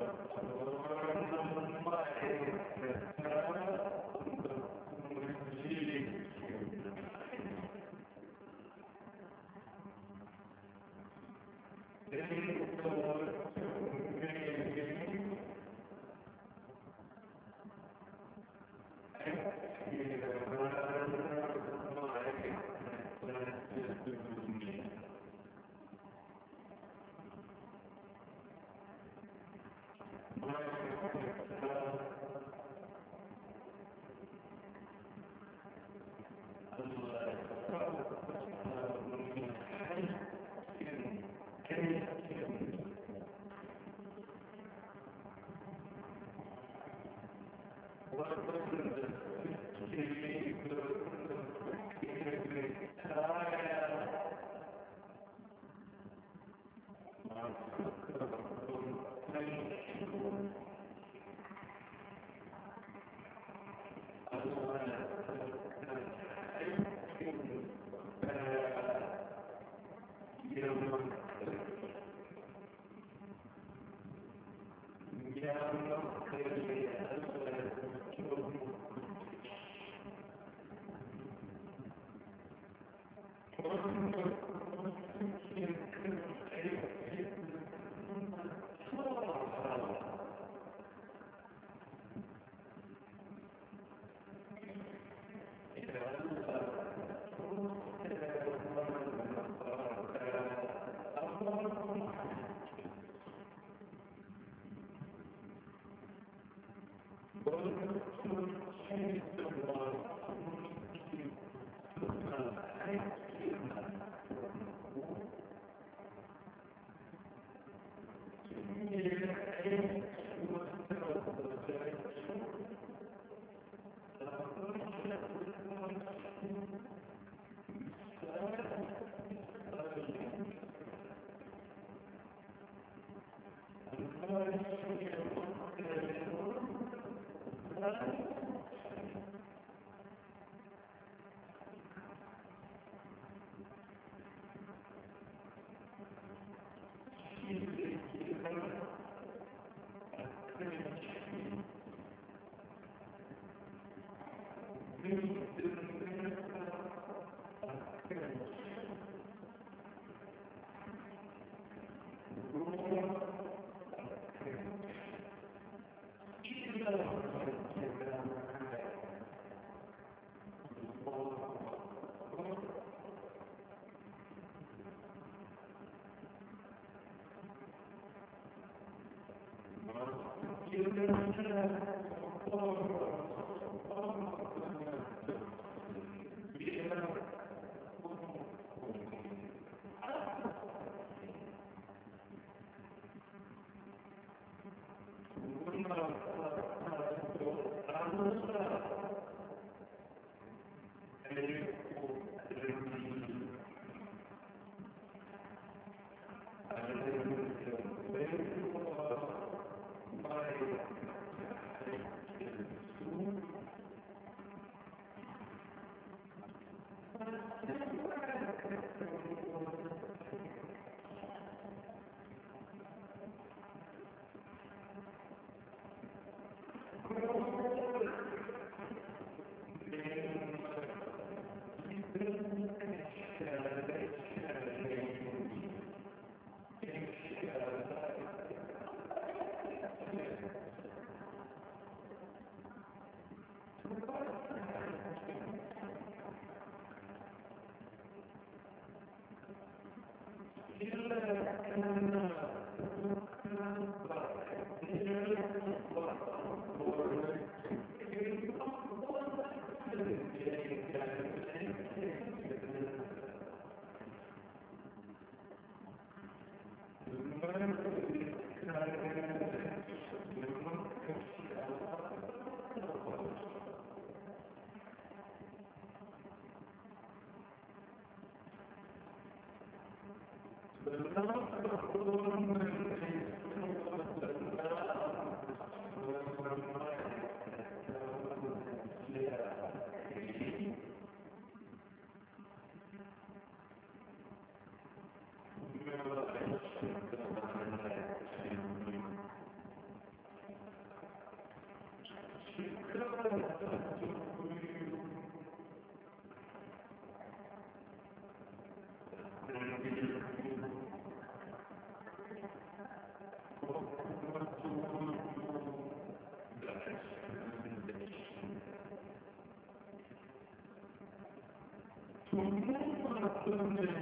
Lord إلا sorumluluk bıraktığını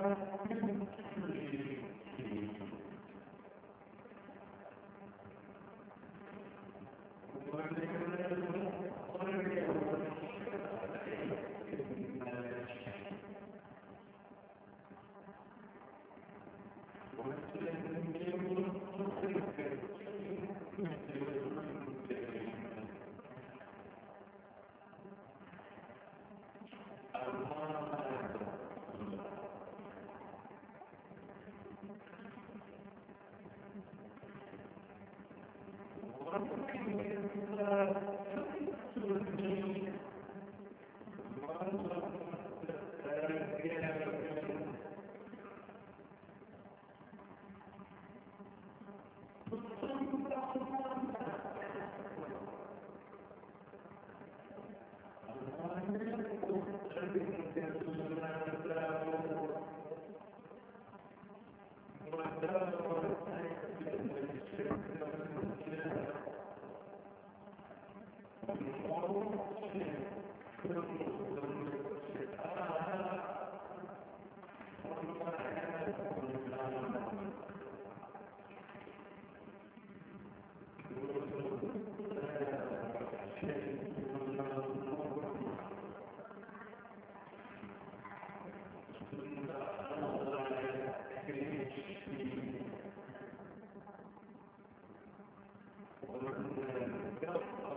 Thank you. Gracias. Thank you.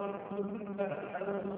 وارحمنا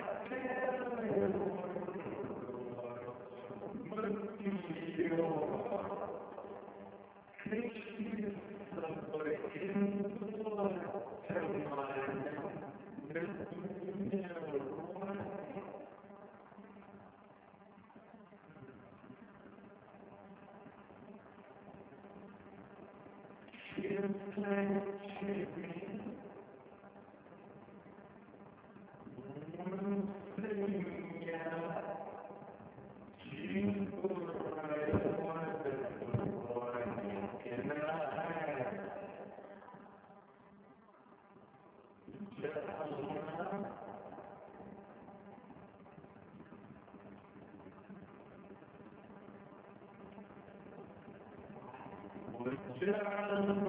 Thank you.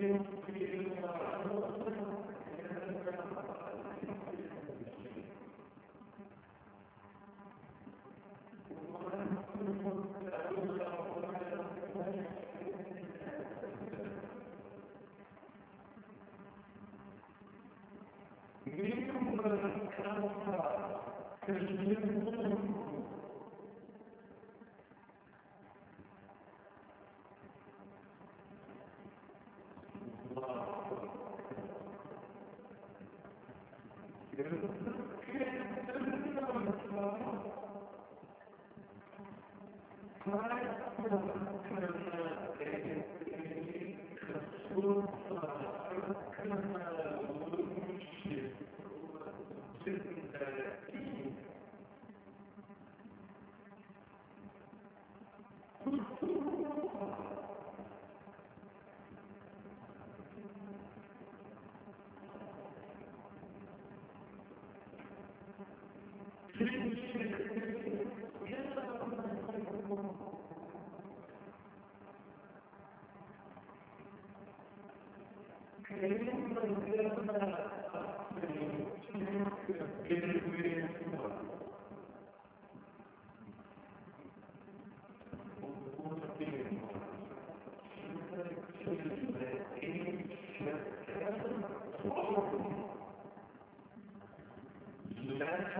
Thank you.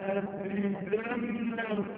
أتمنى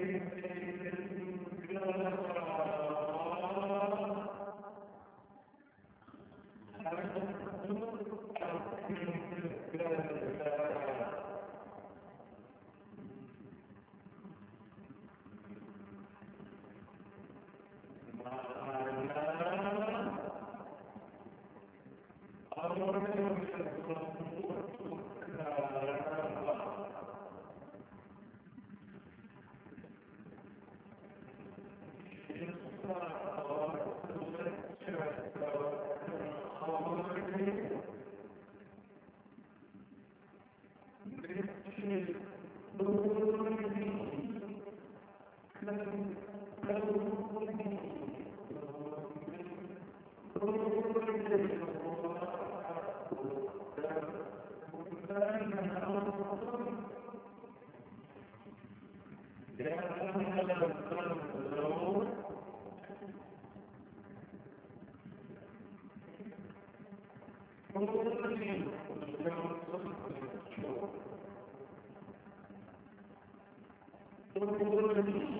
¿Cómo se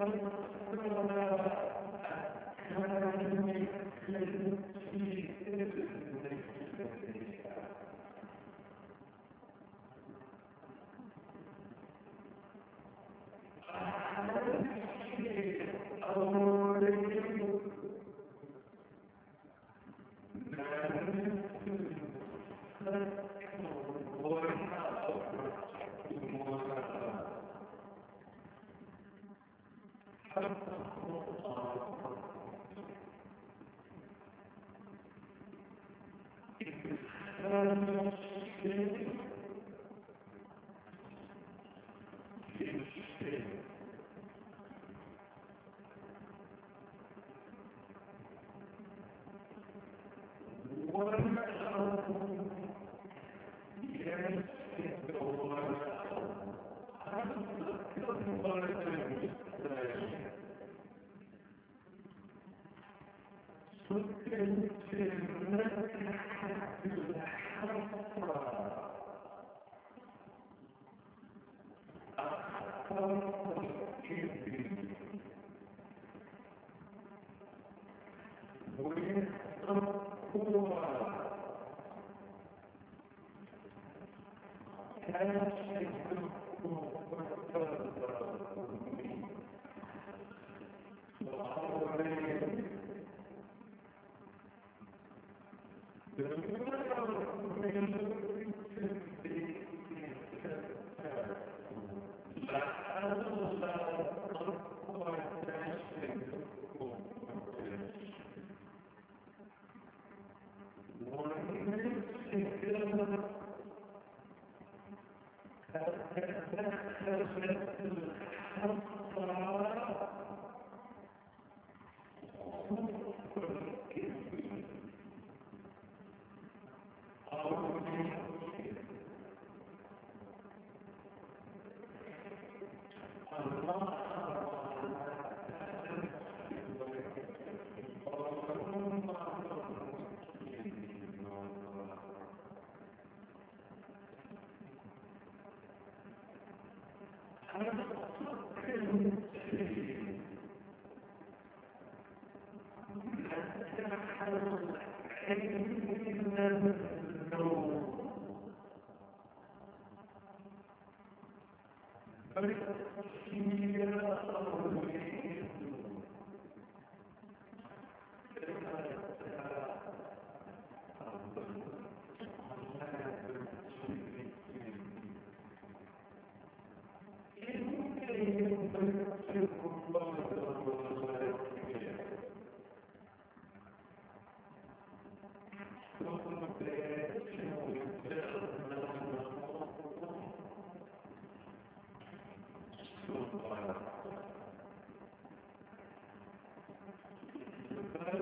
Thank you. Thank you.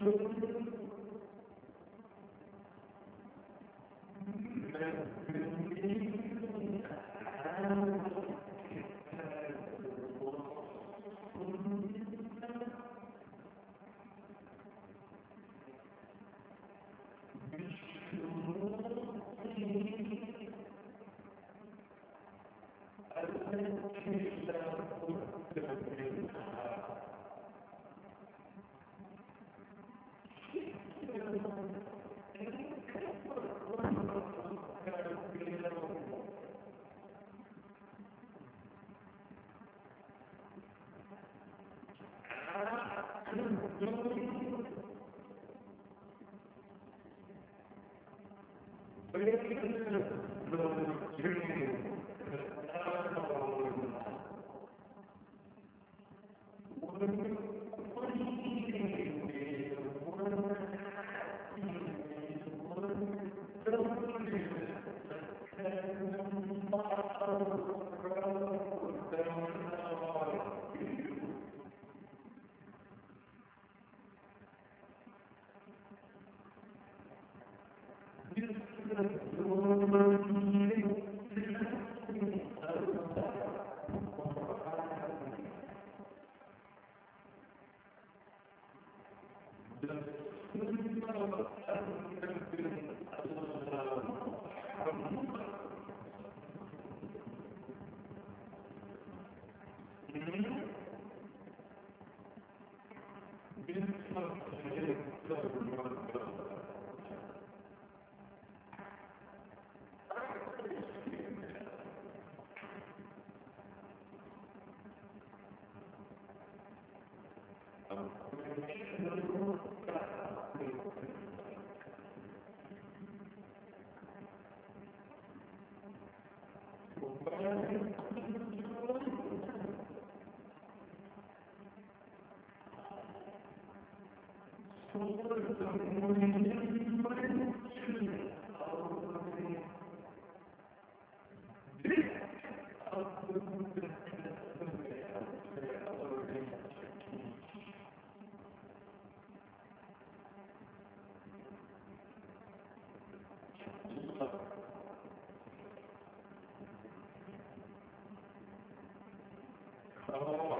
lórí Oh.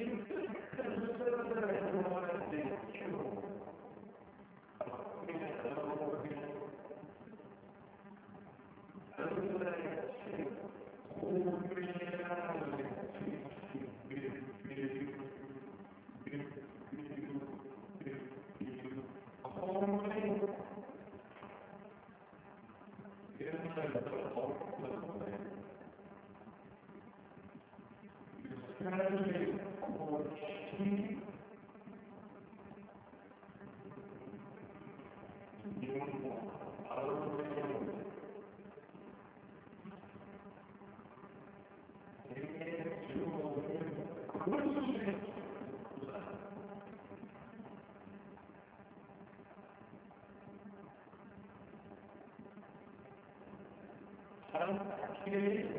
Amen. kéré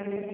Amen.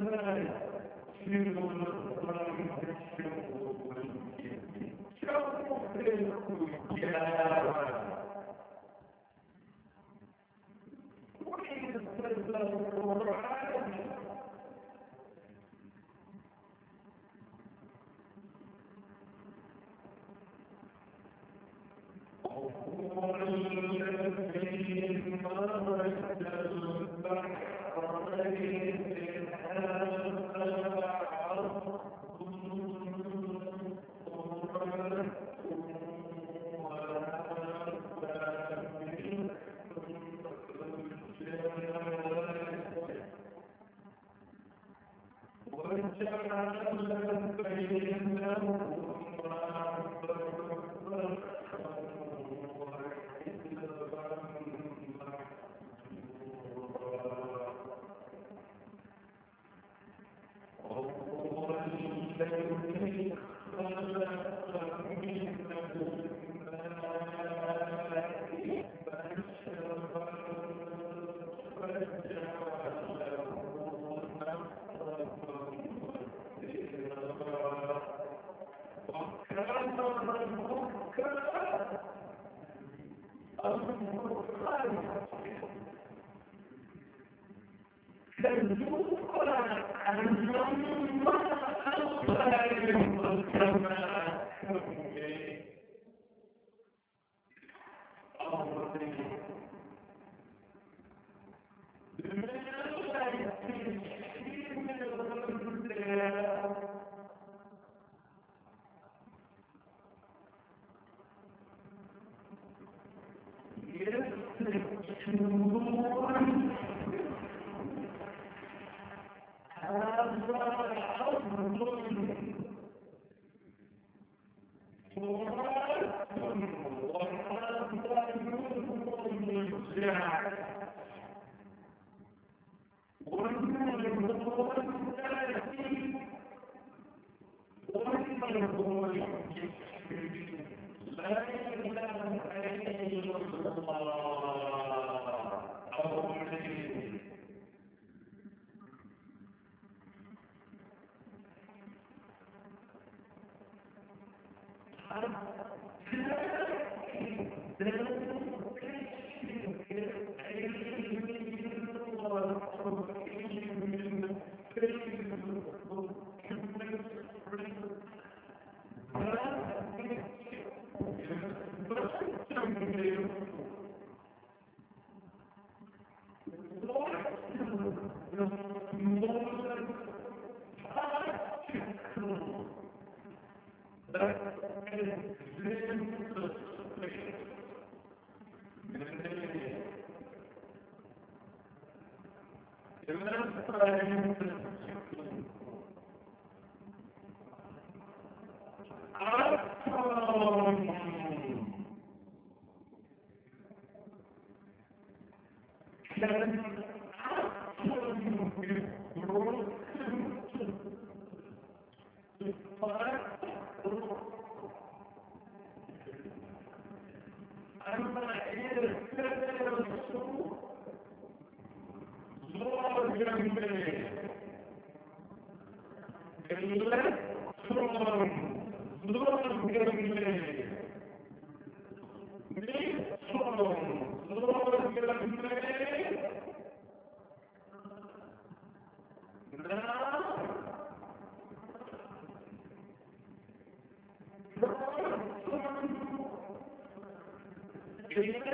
Gracias. time ಹೇಳಿದ್ರೆ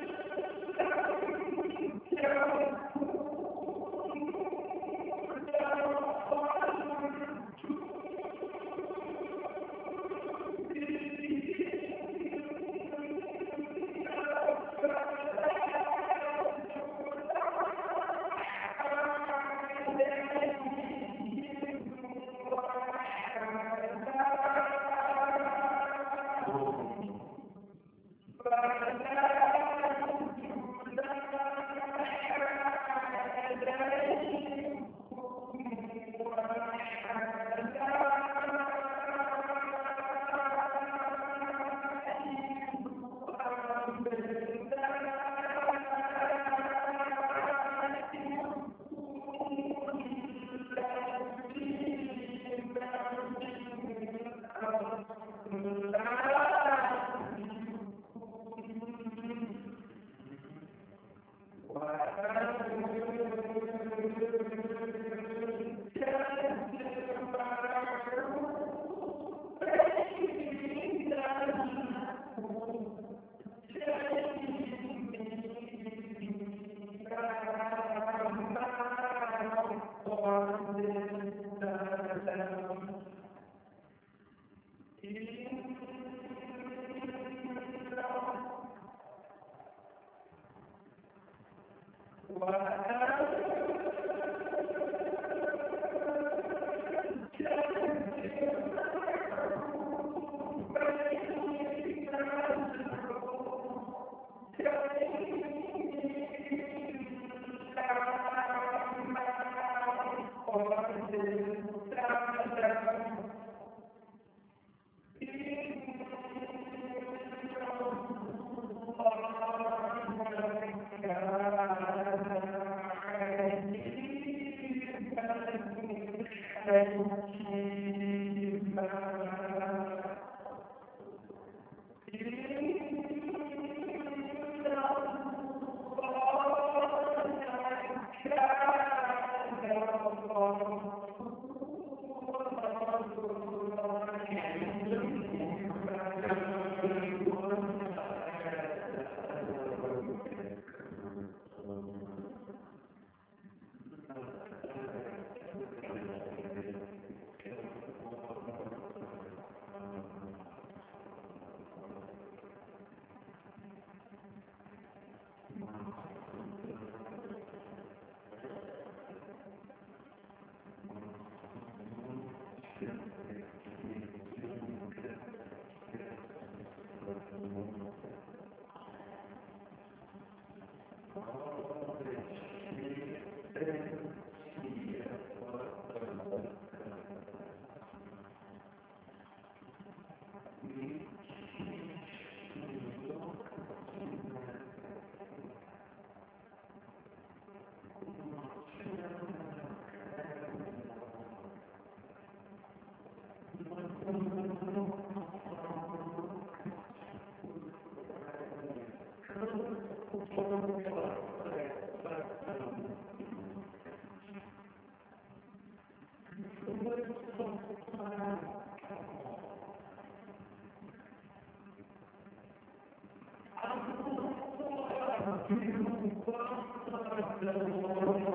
Thank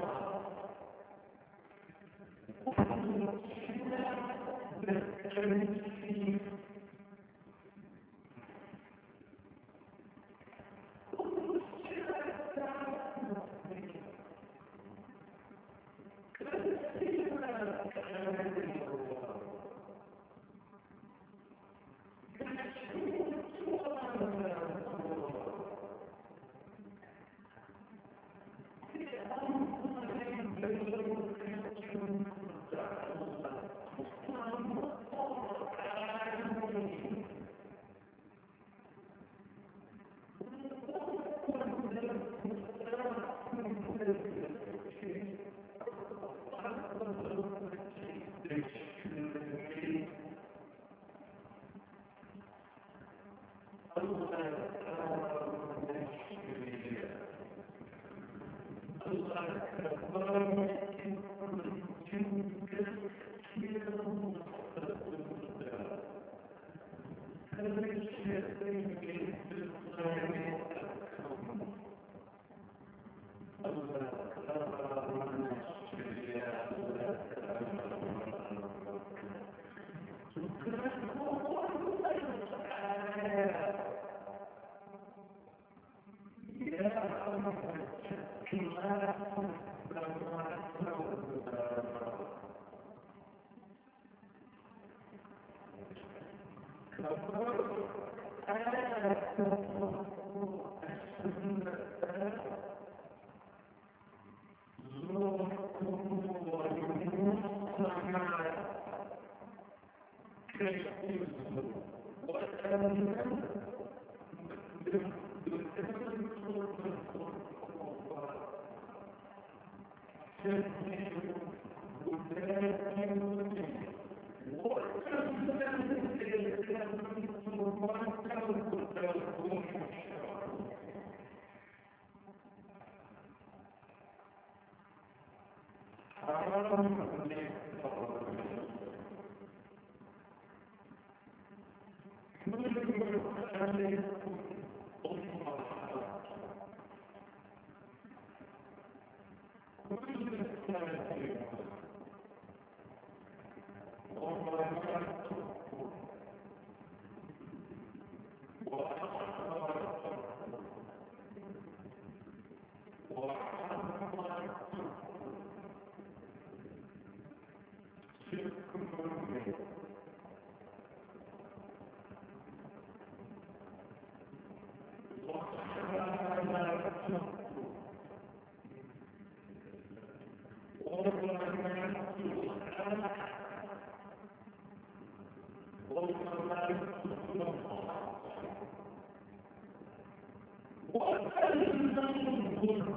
you.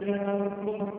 الدار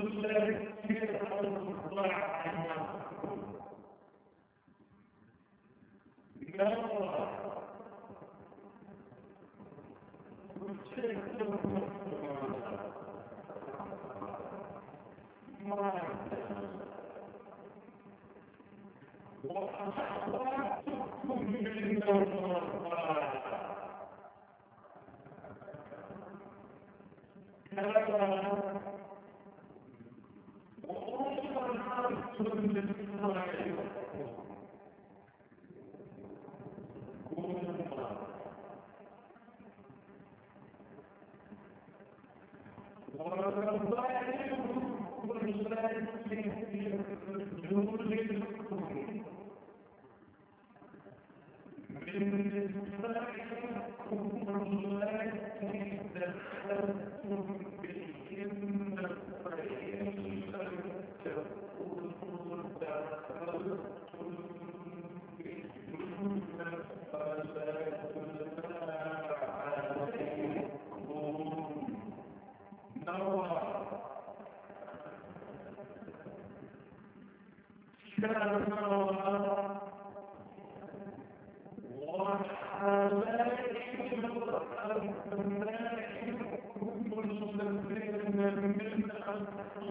وأما منهم الذين من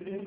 Sim.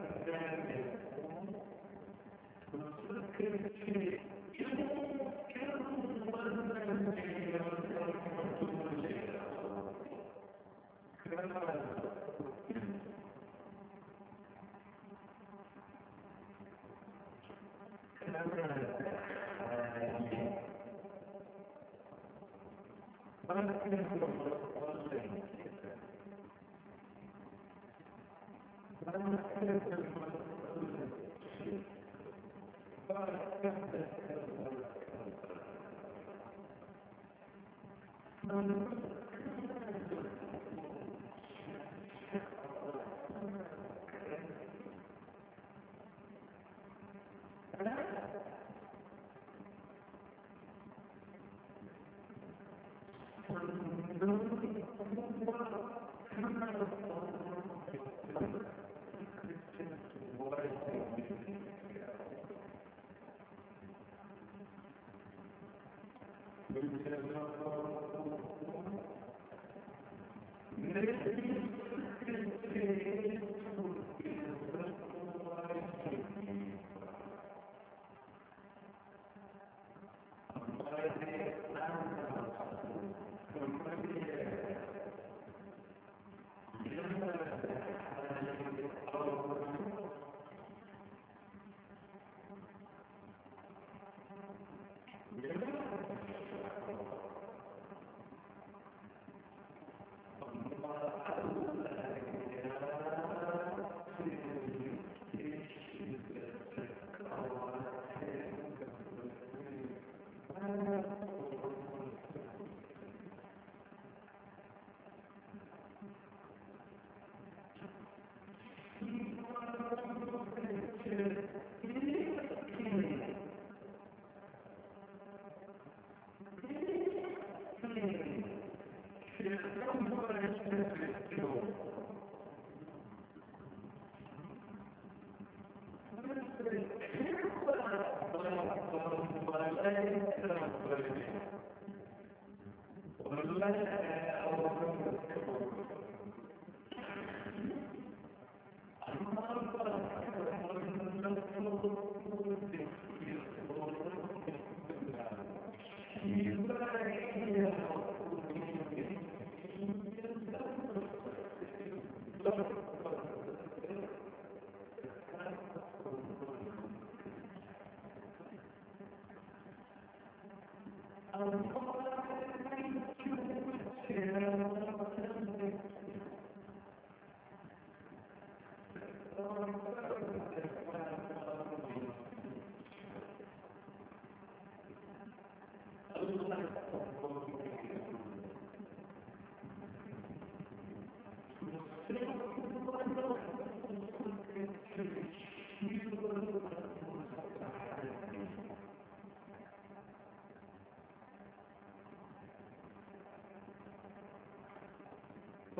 Thank you.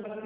ಸಂಪರ್ಕ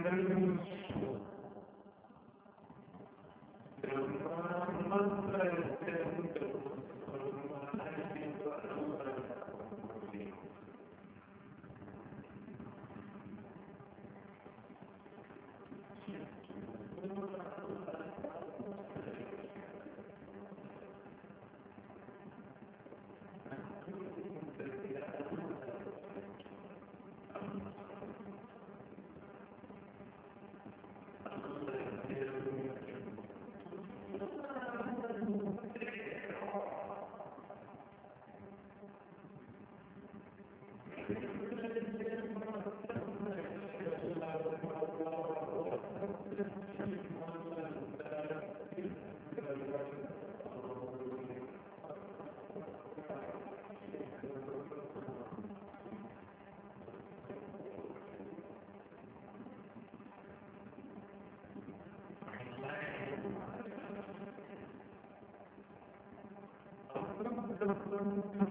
Gracias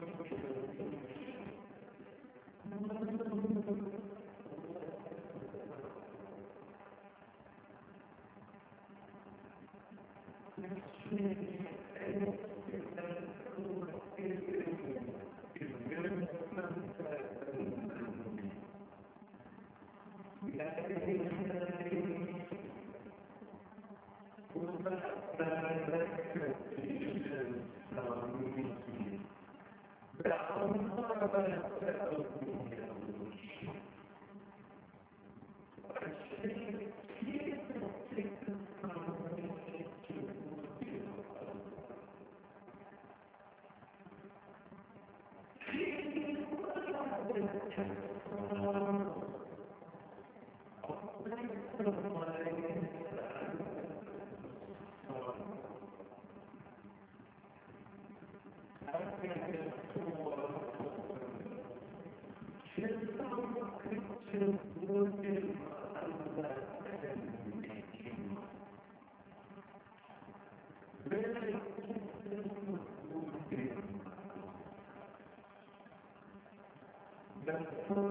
Thank you.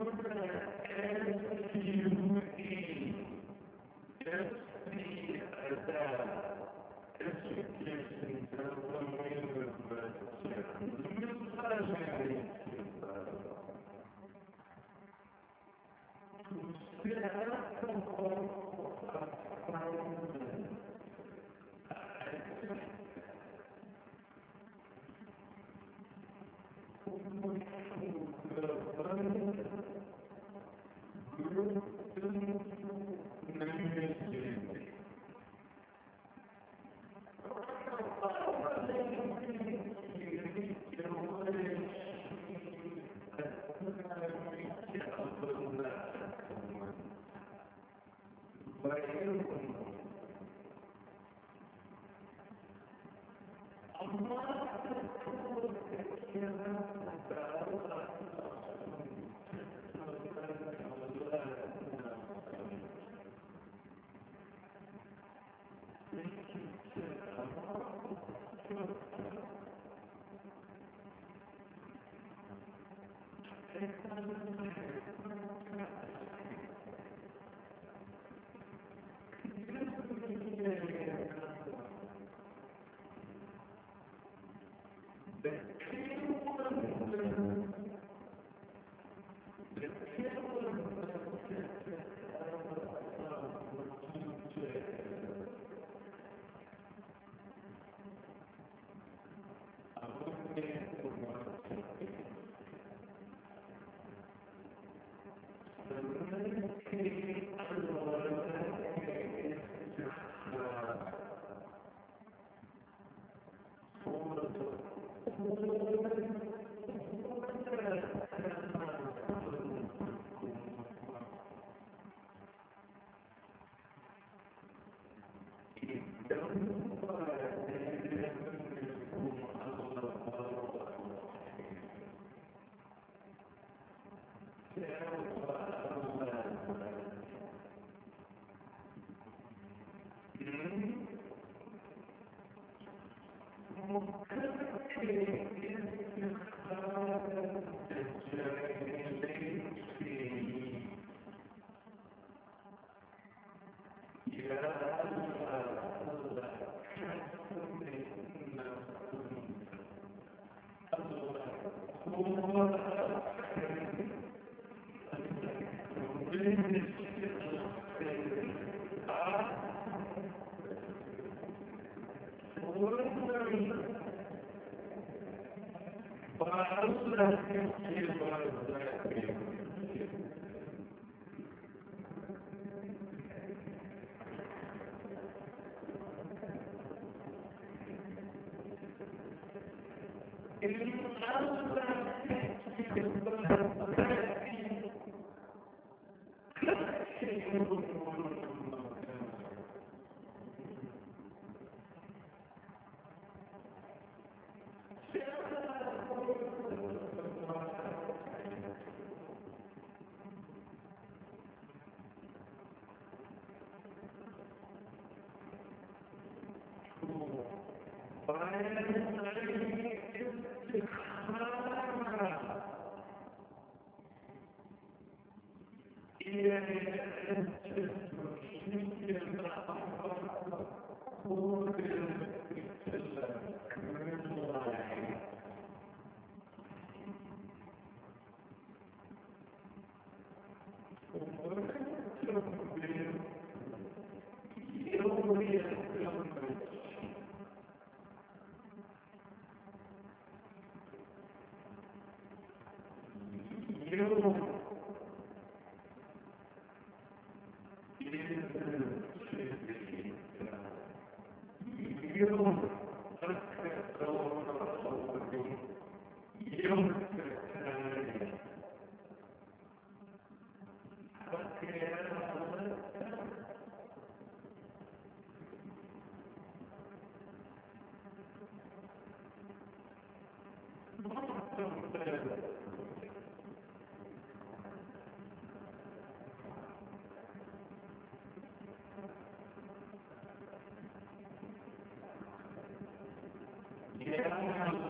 மூன்று करते ಕಾರ್ಯಕ್ರಮ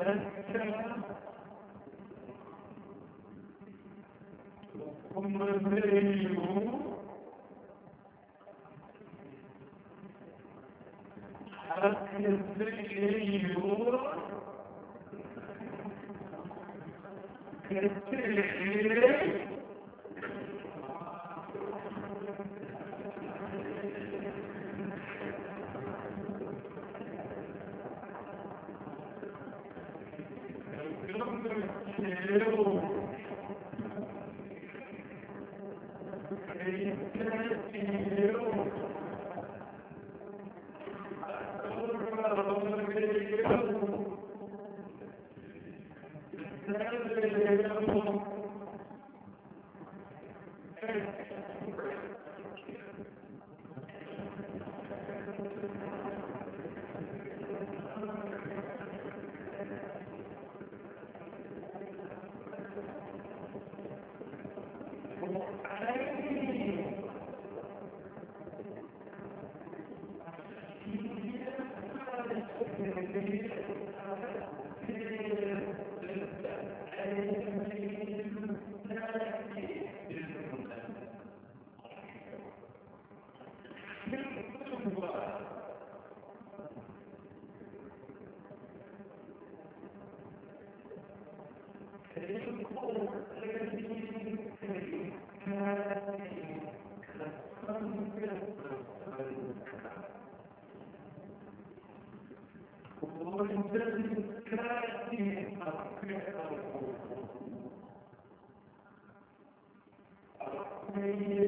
لك Amen.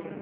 ಹೇಳಿ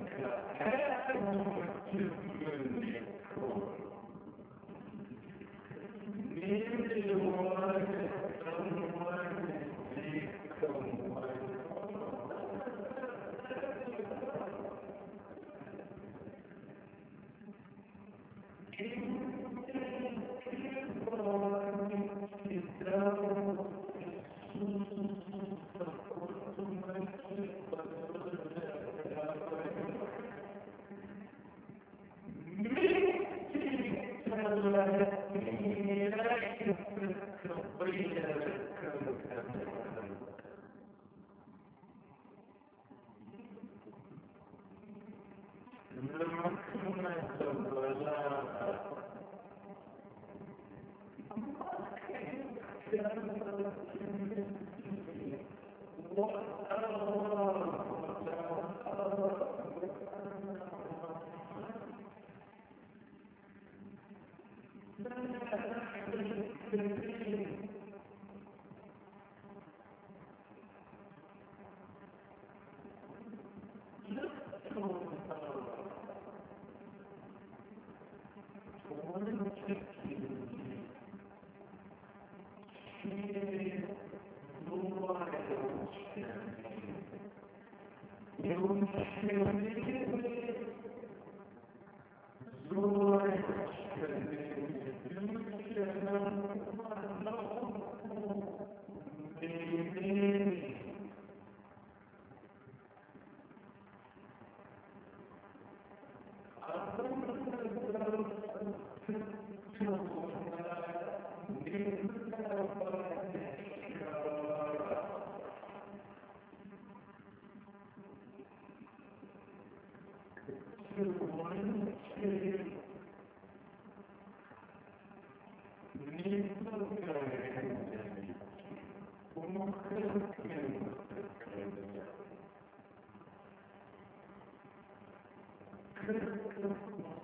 Gracias.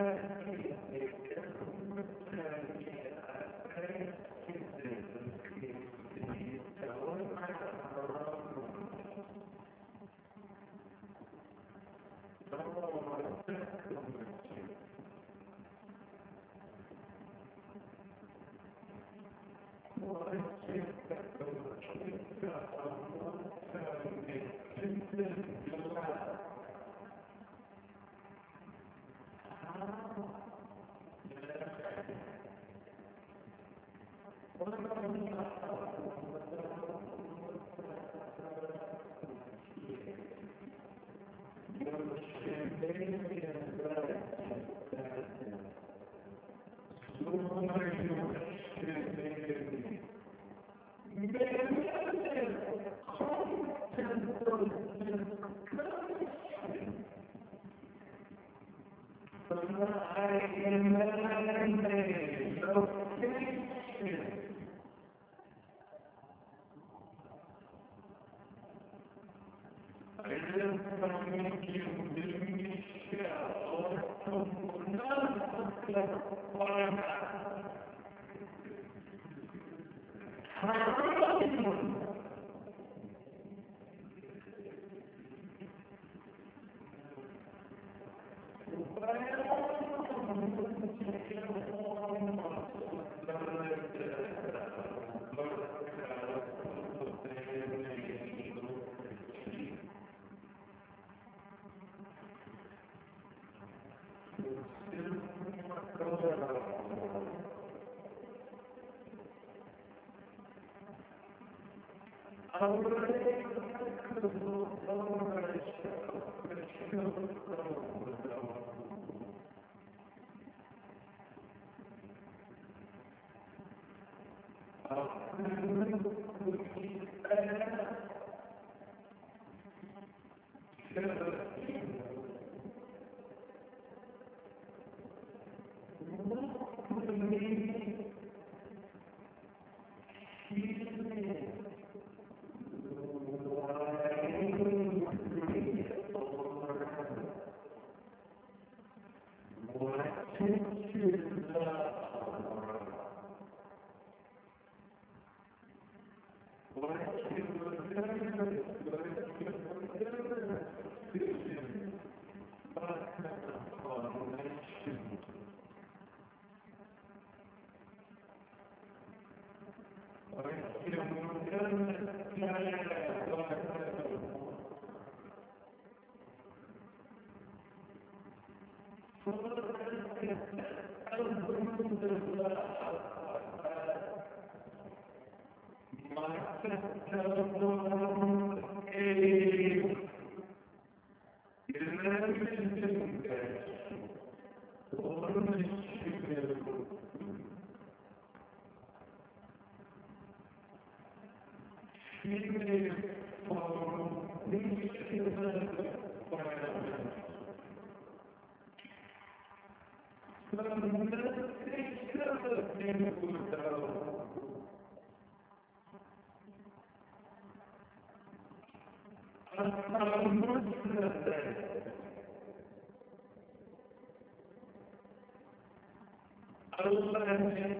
uh, Amém. Amen.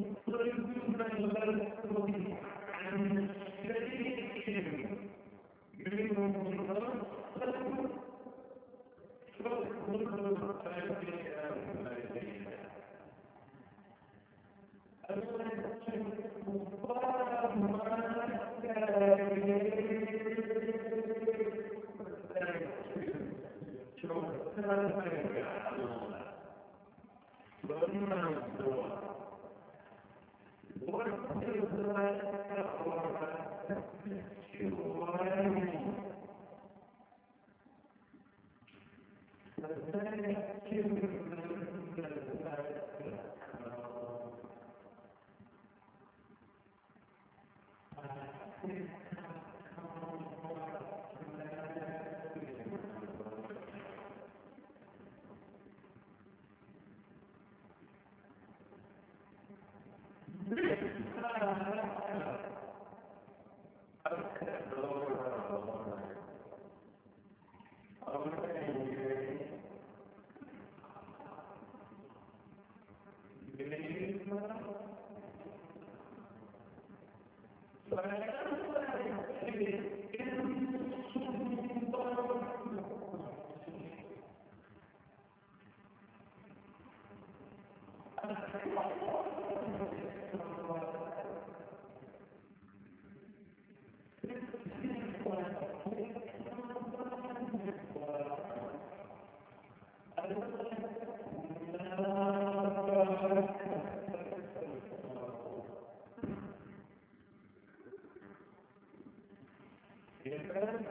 verdad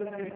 الله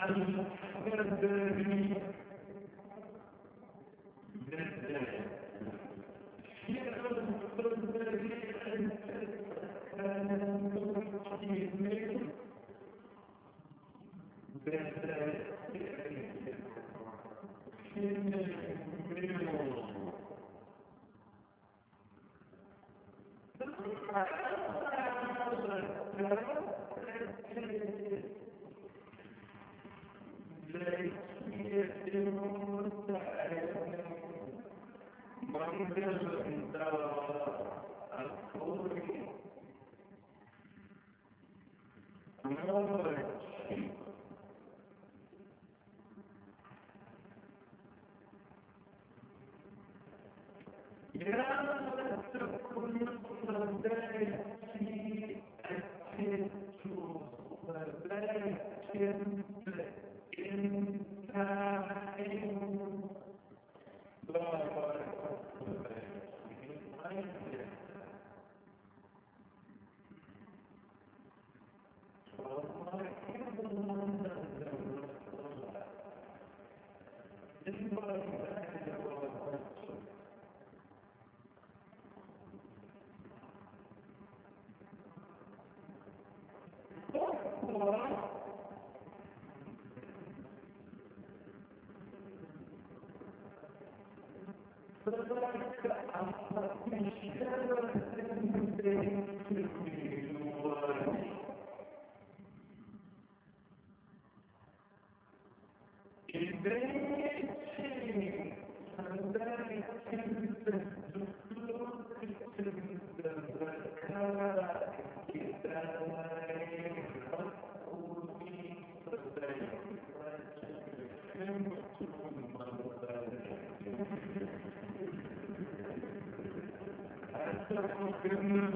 أحدكم gracias. Thank you. بِالْمُنْكَرِ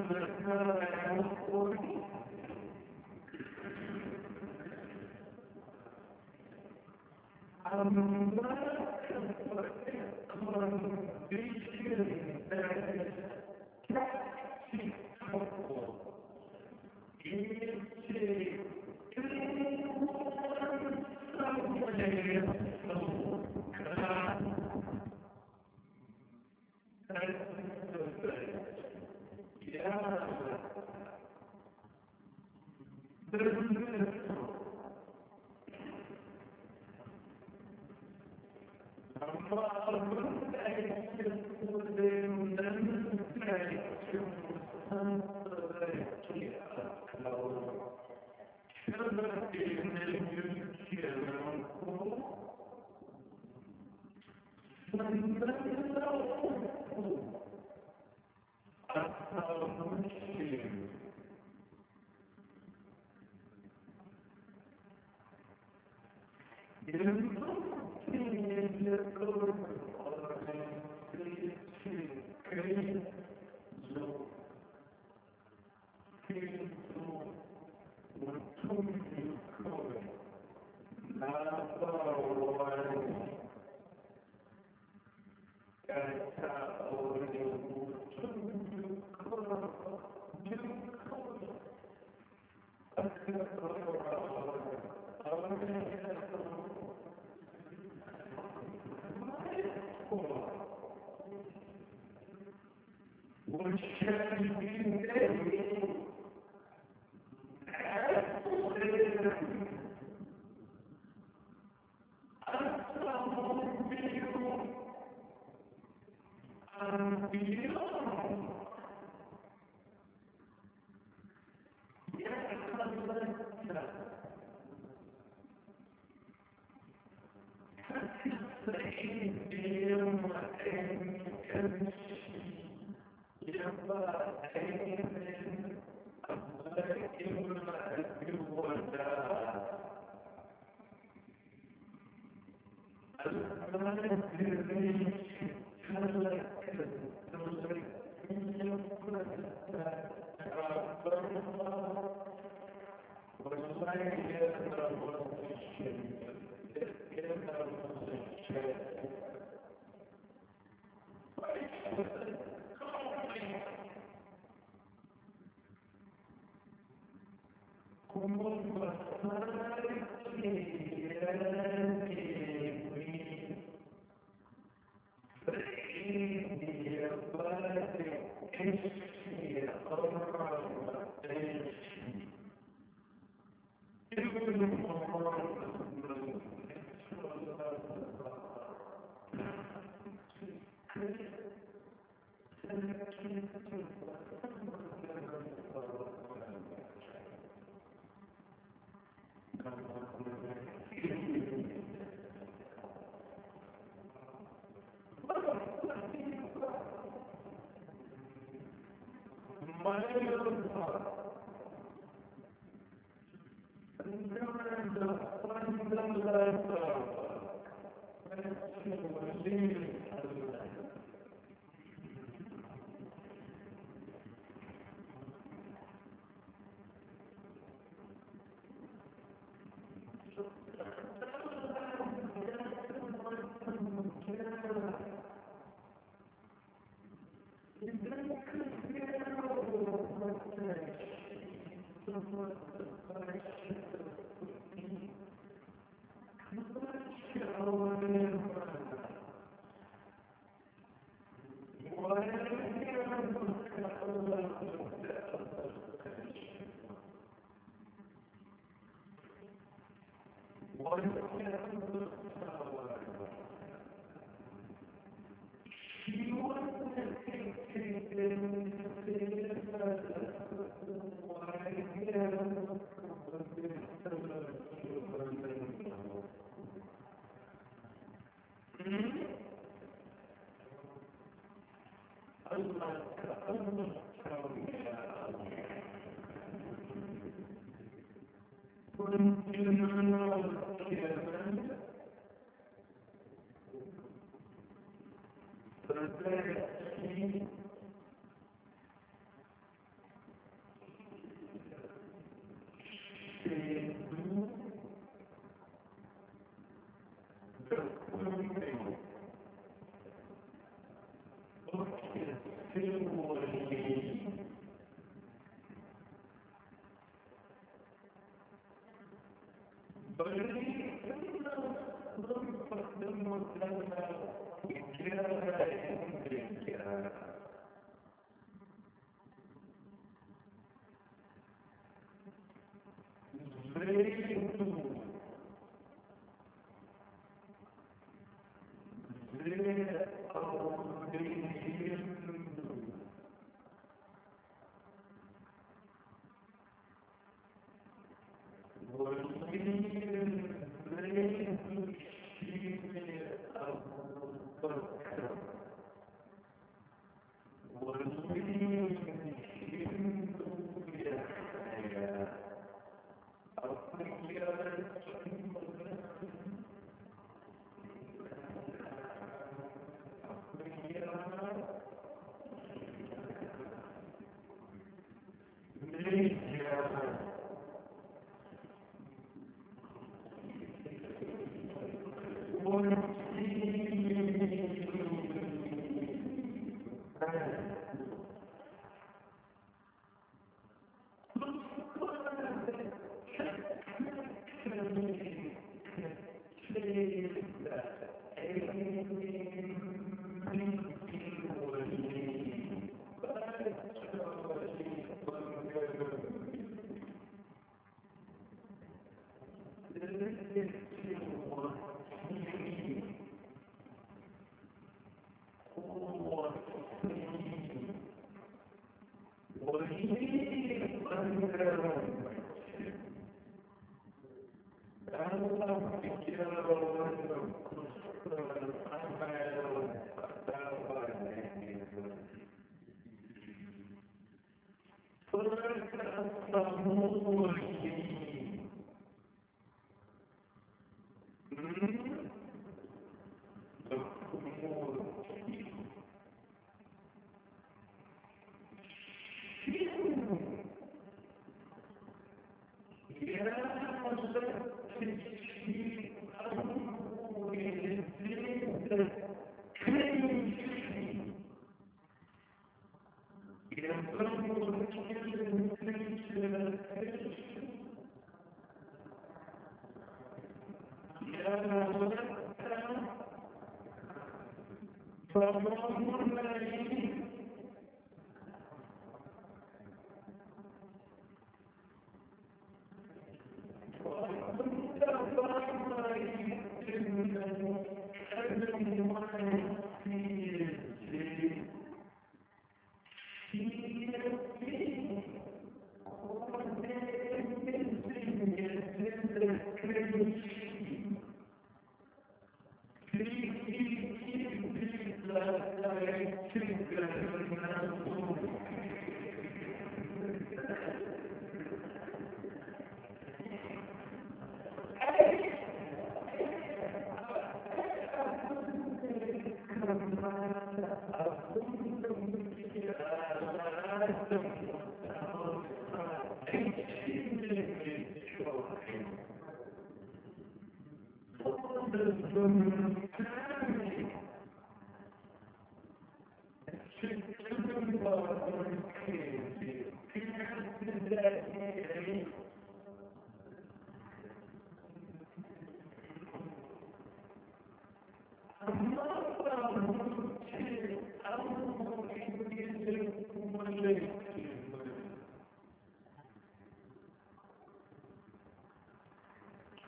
اللهم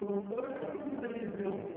Então, toda essa coisa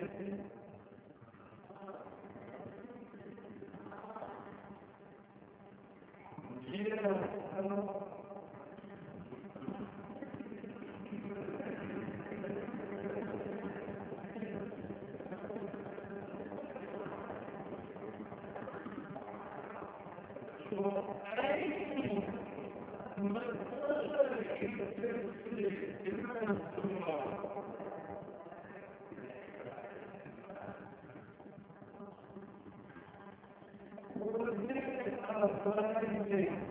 Gracias.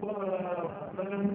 Bueno,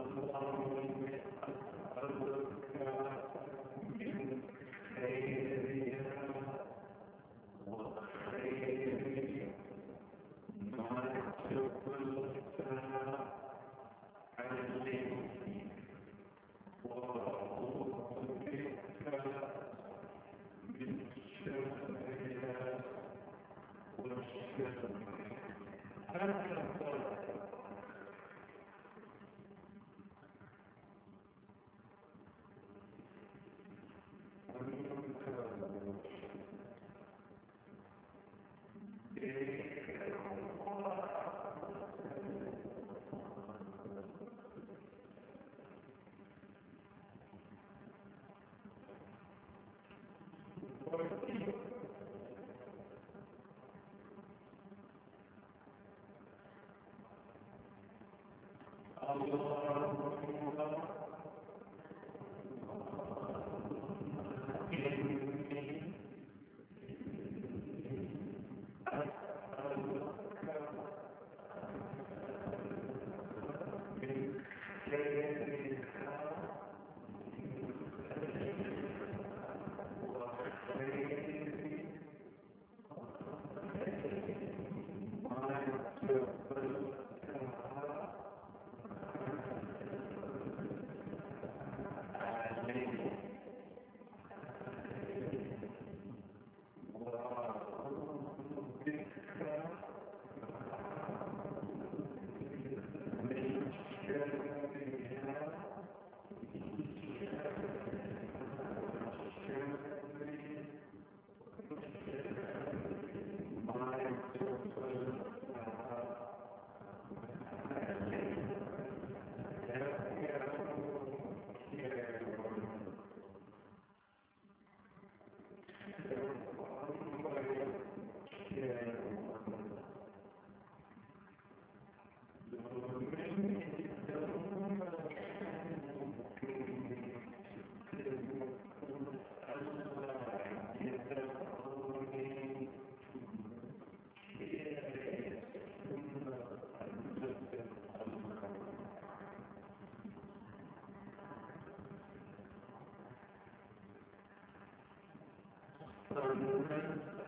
الله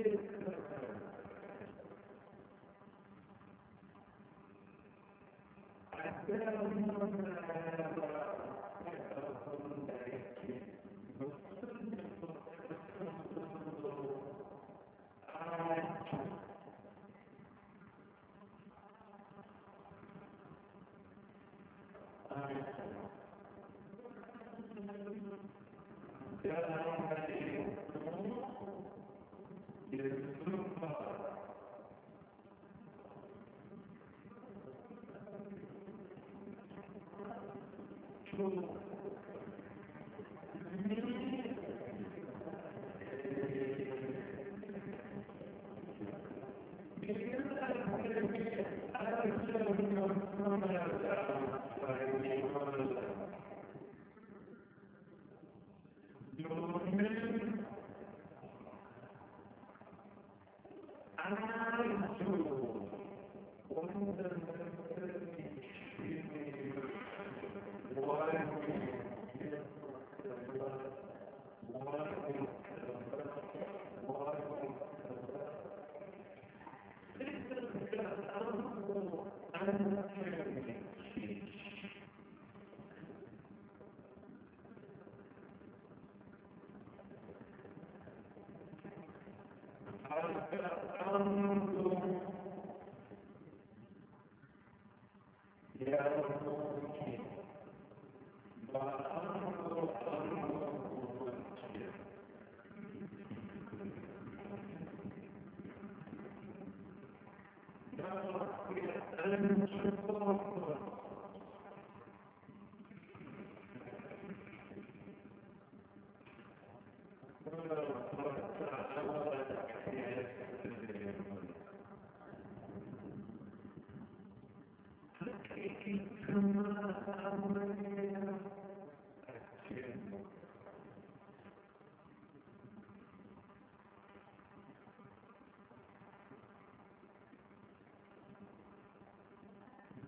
ilé no, no.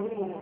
منهم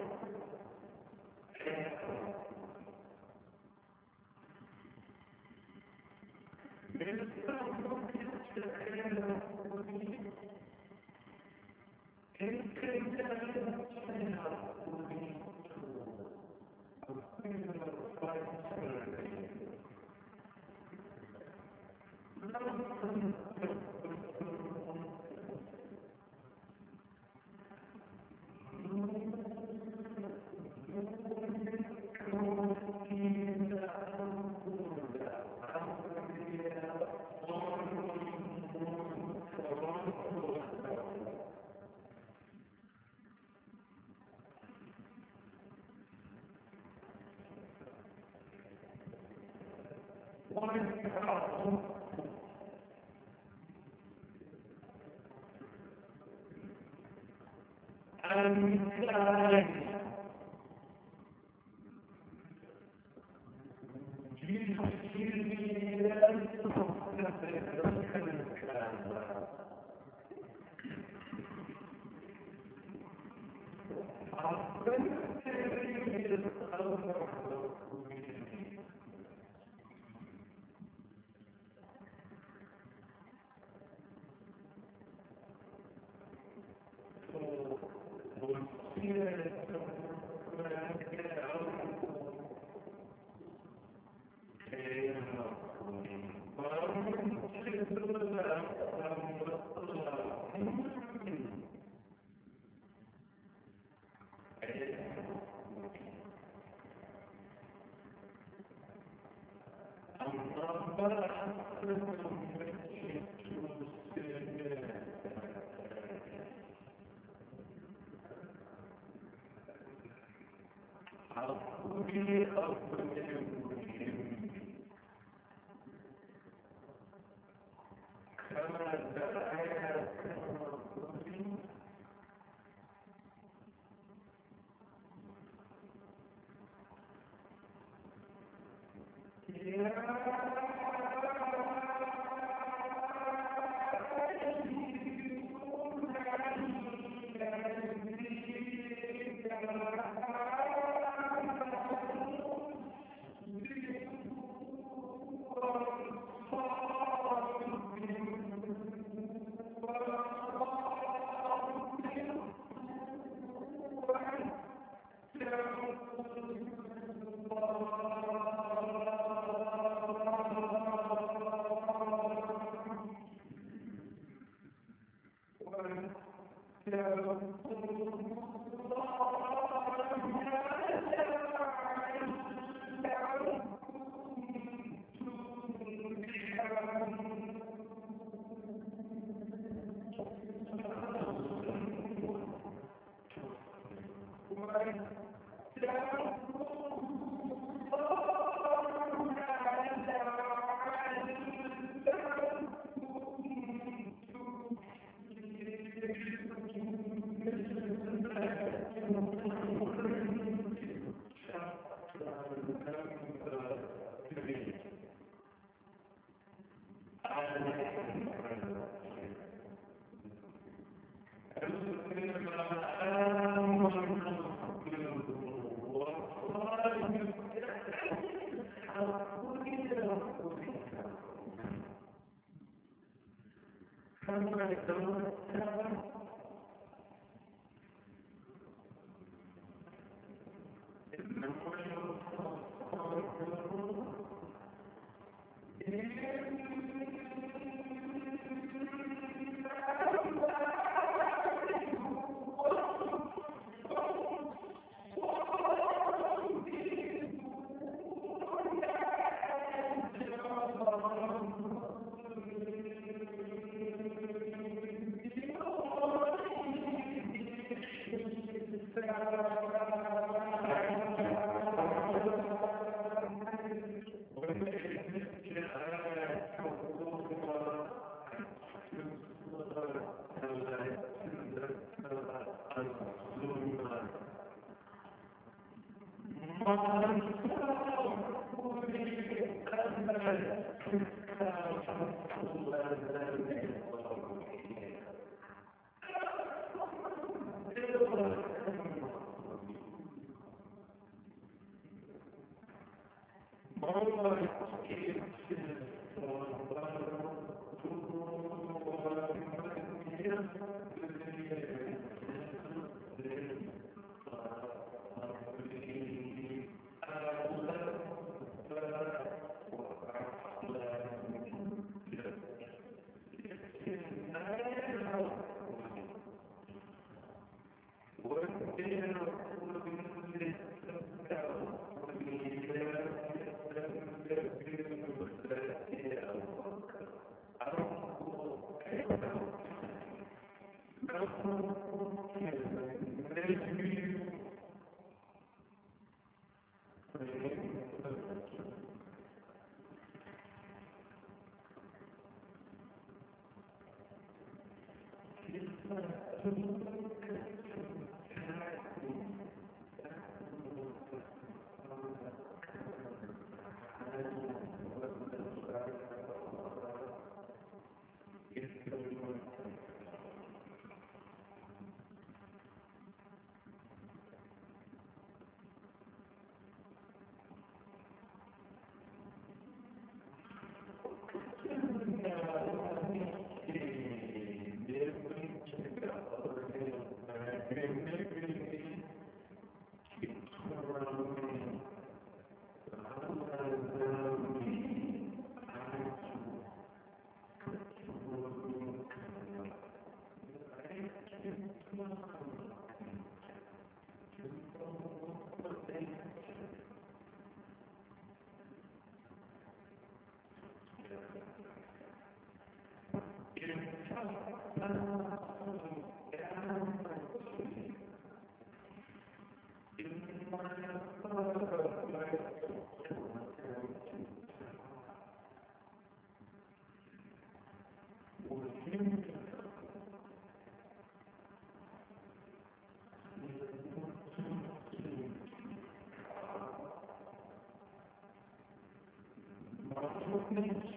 কথা বলেন Muslims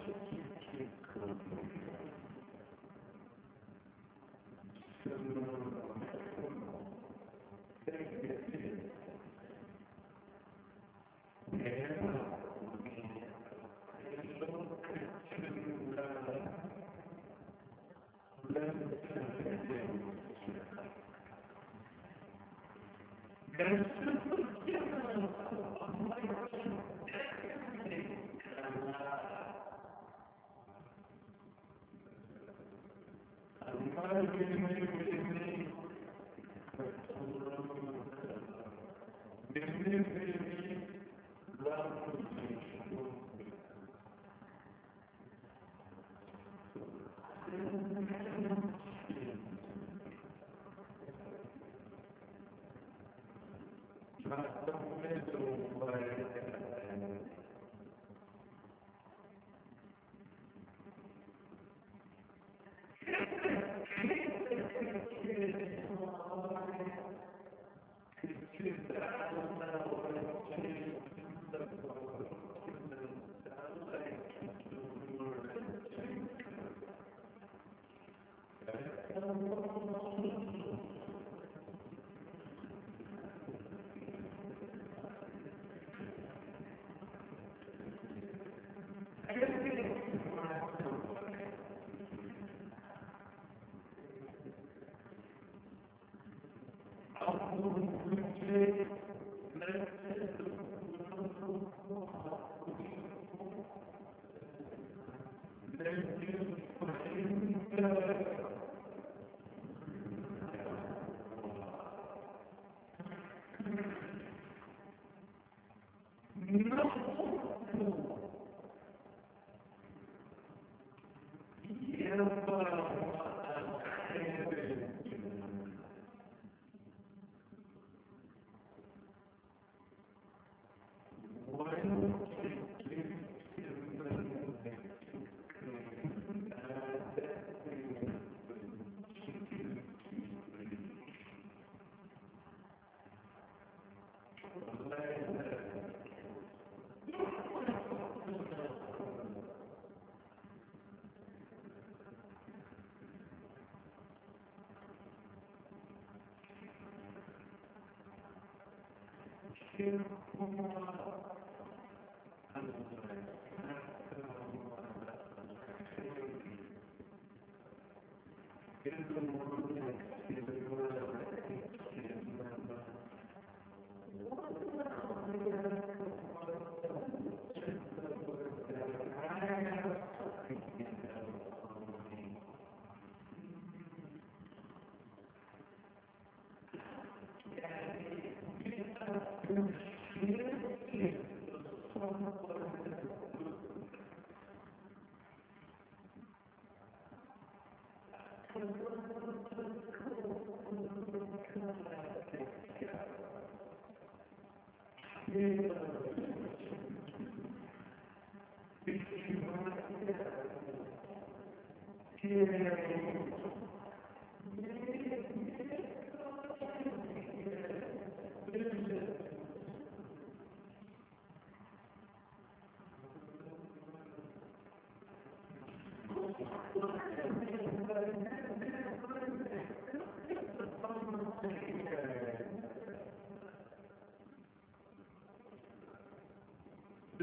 you.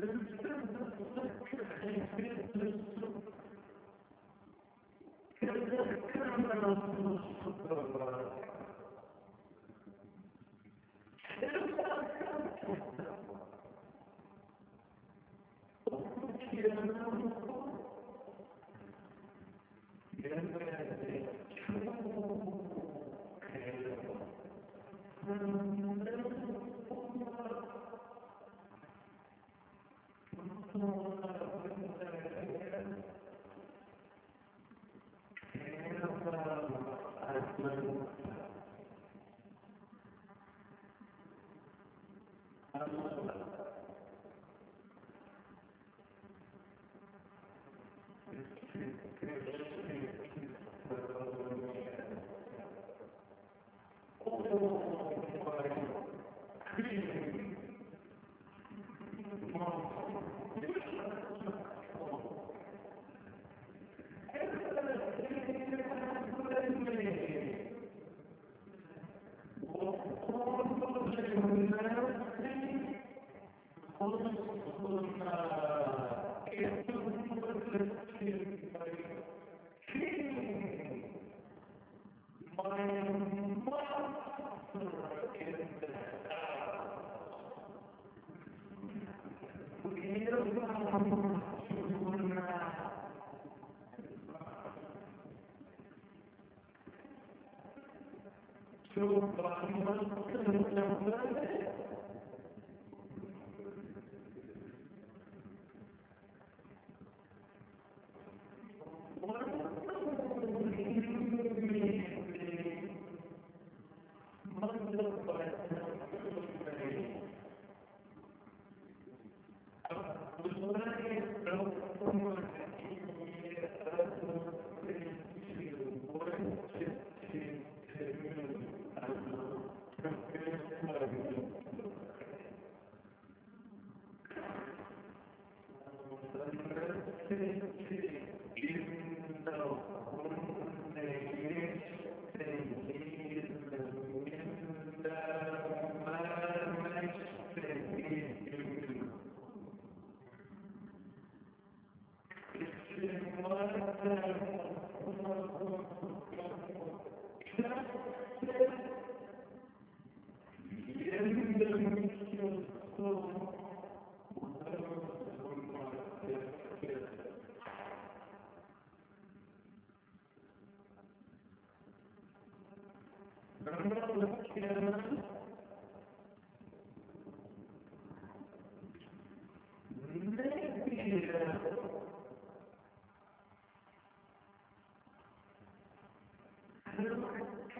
لازم تتعلم Thank you.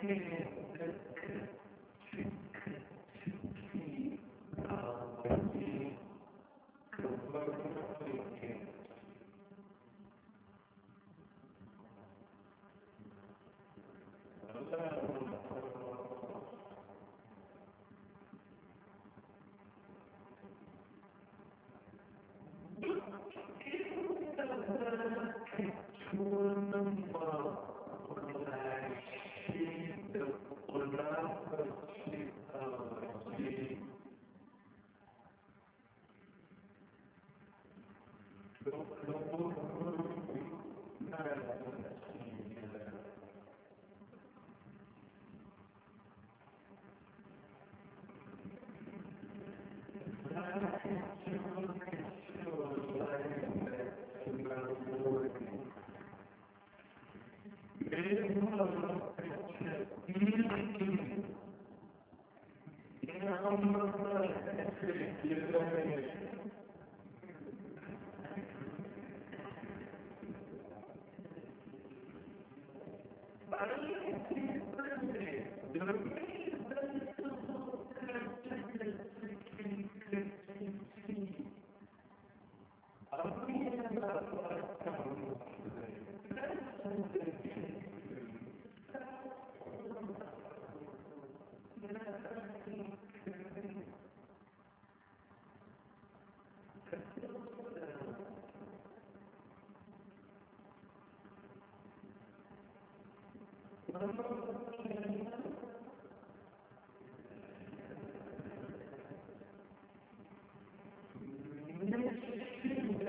الْمُؤْمِنِينَ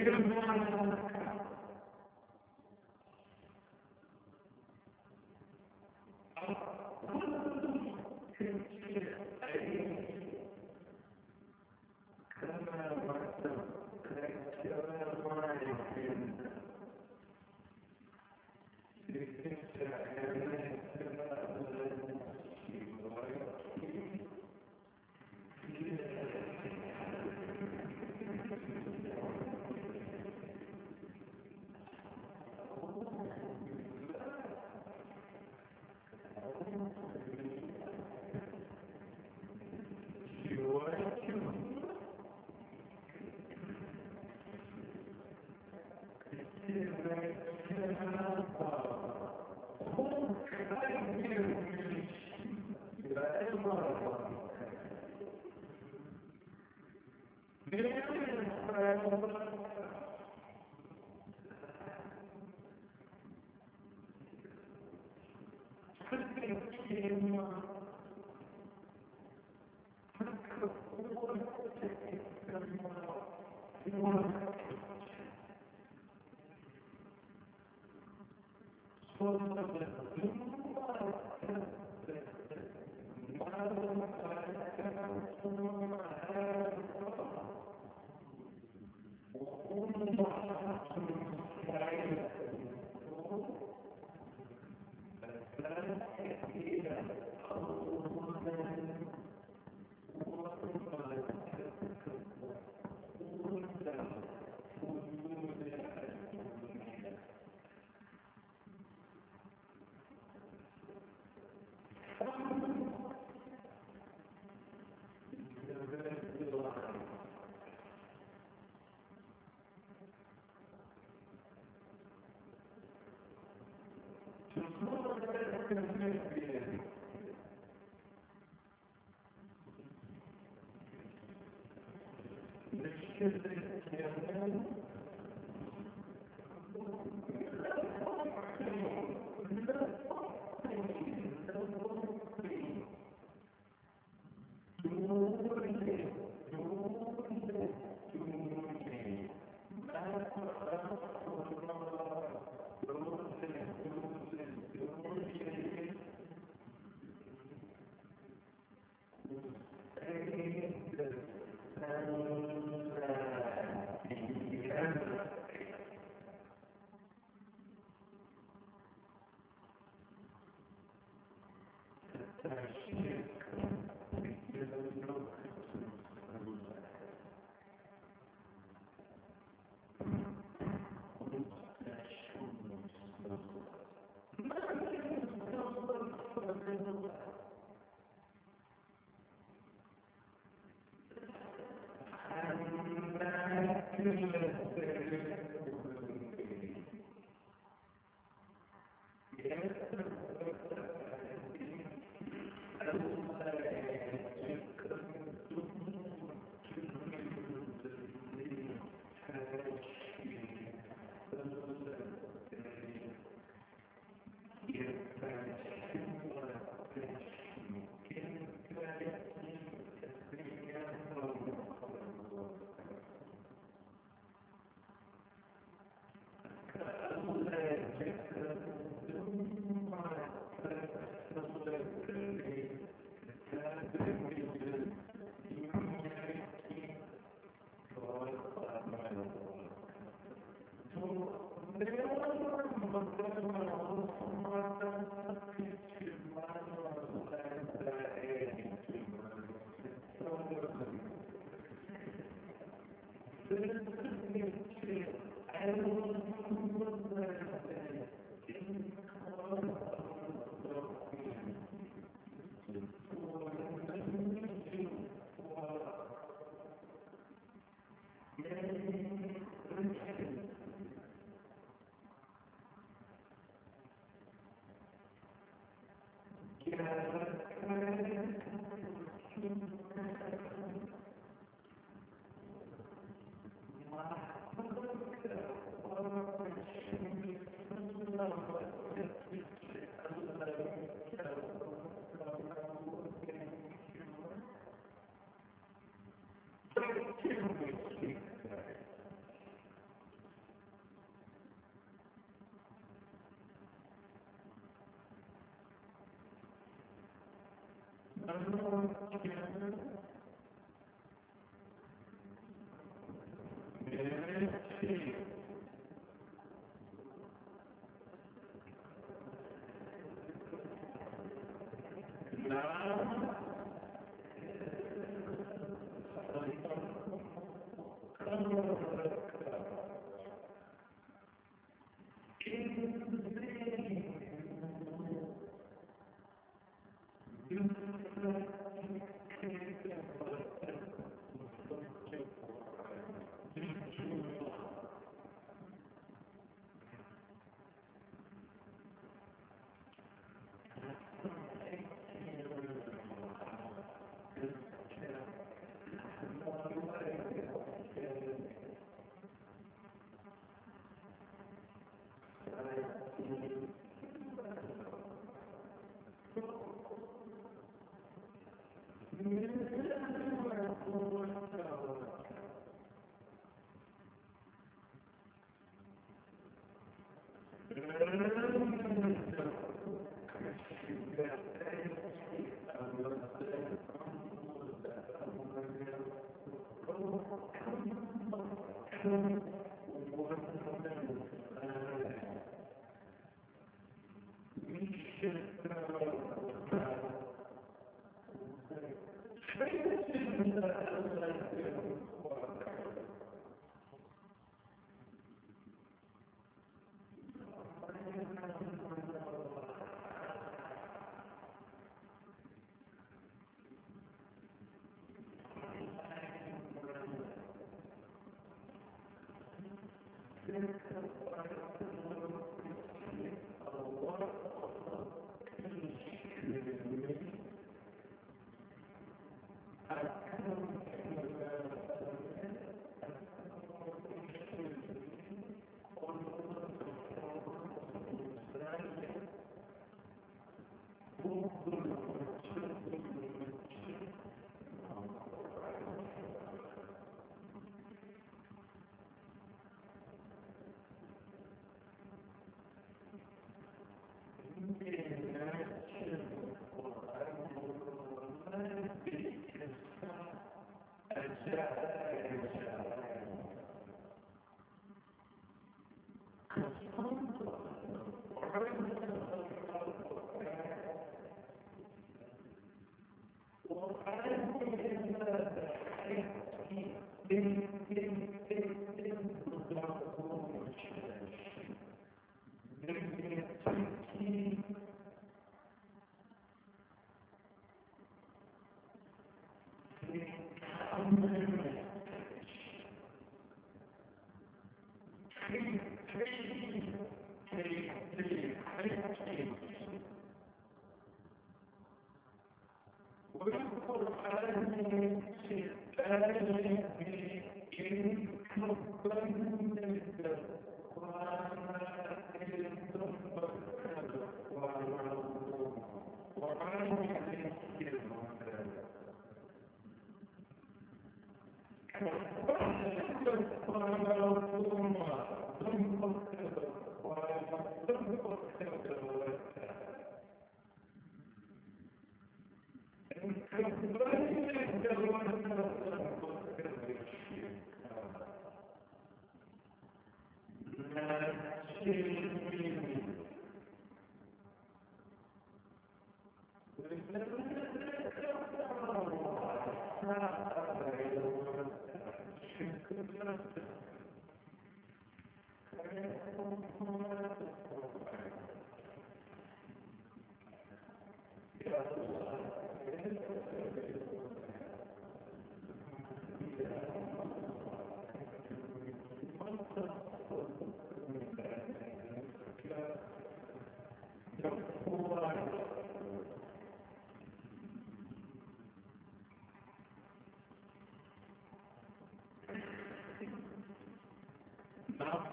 Thank you. very Thank you.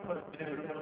ọ̀pọ̀ ìpínlẹ̀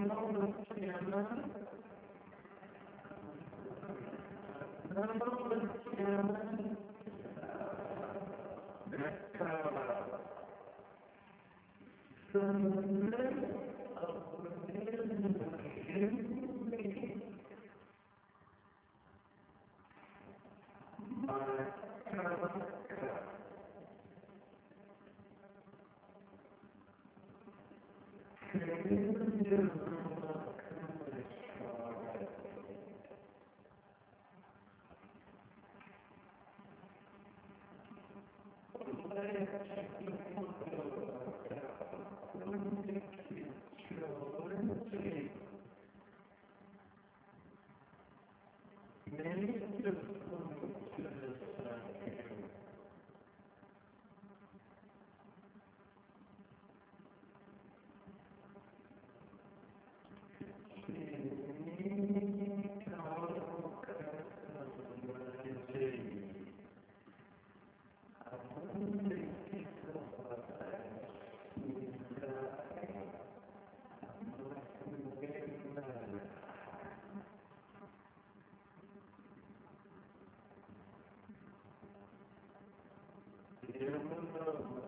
أنه من Gracias.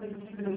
नहीं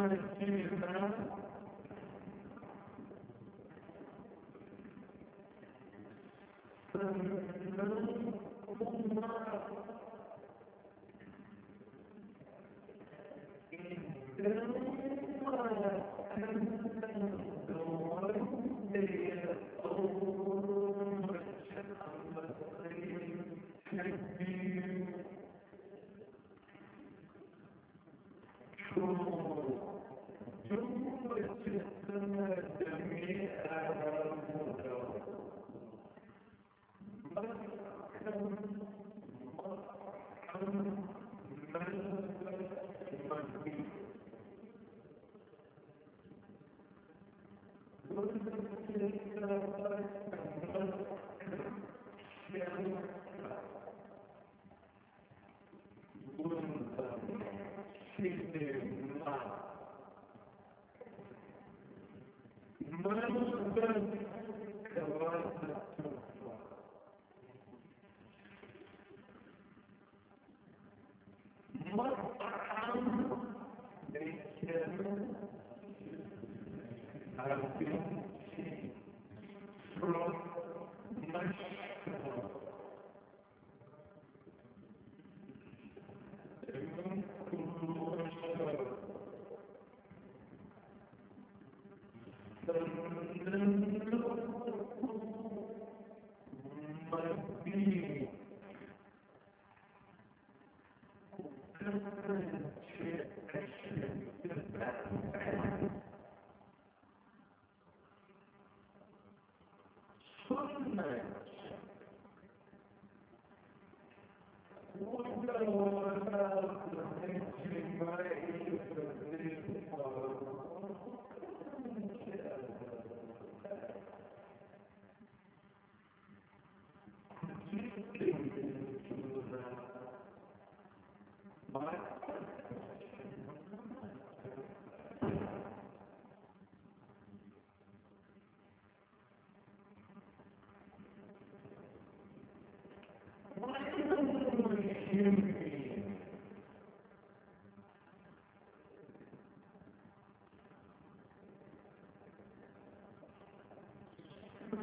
alma sunna ya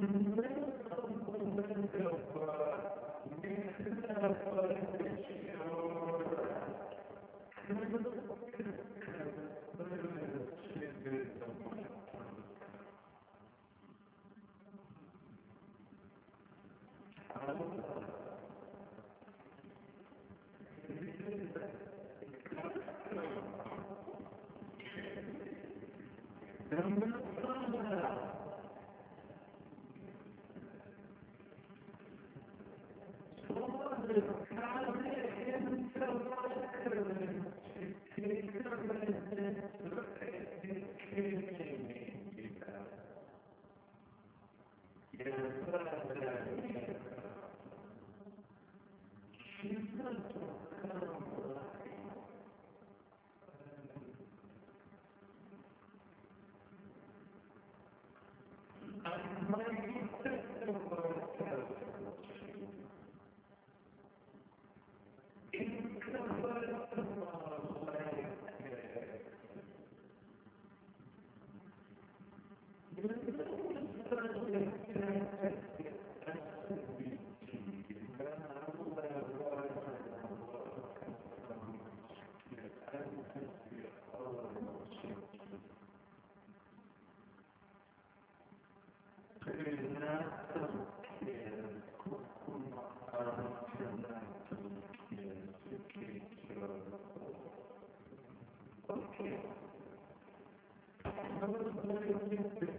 Gracias. Gracias.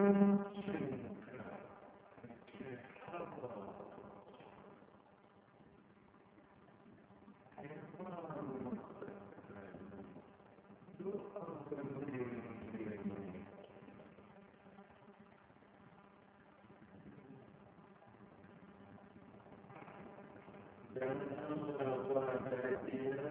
Thank you.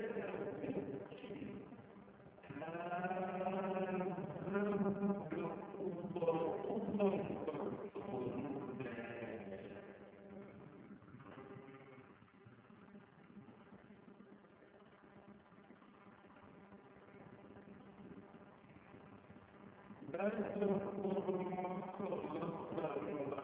بل تكون مصر مصر مصر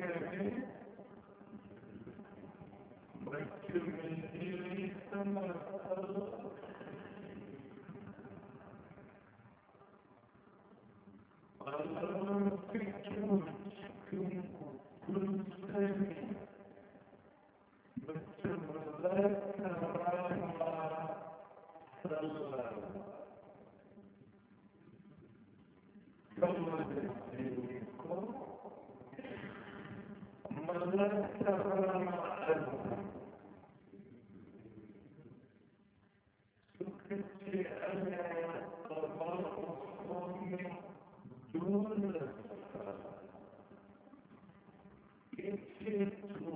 करके Thank you.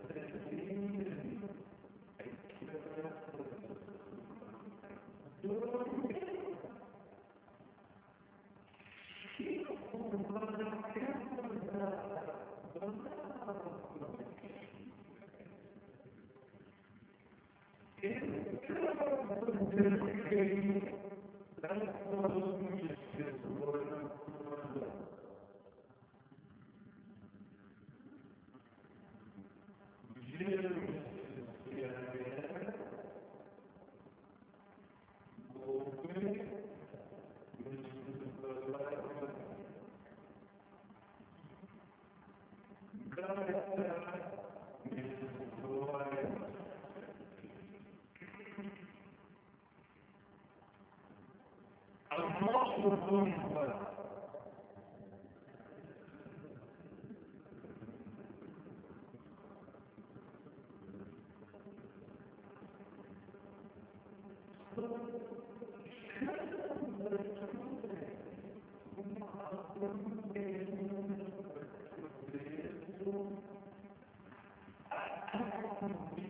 ظلما Thank you.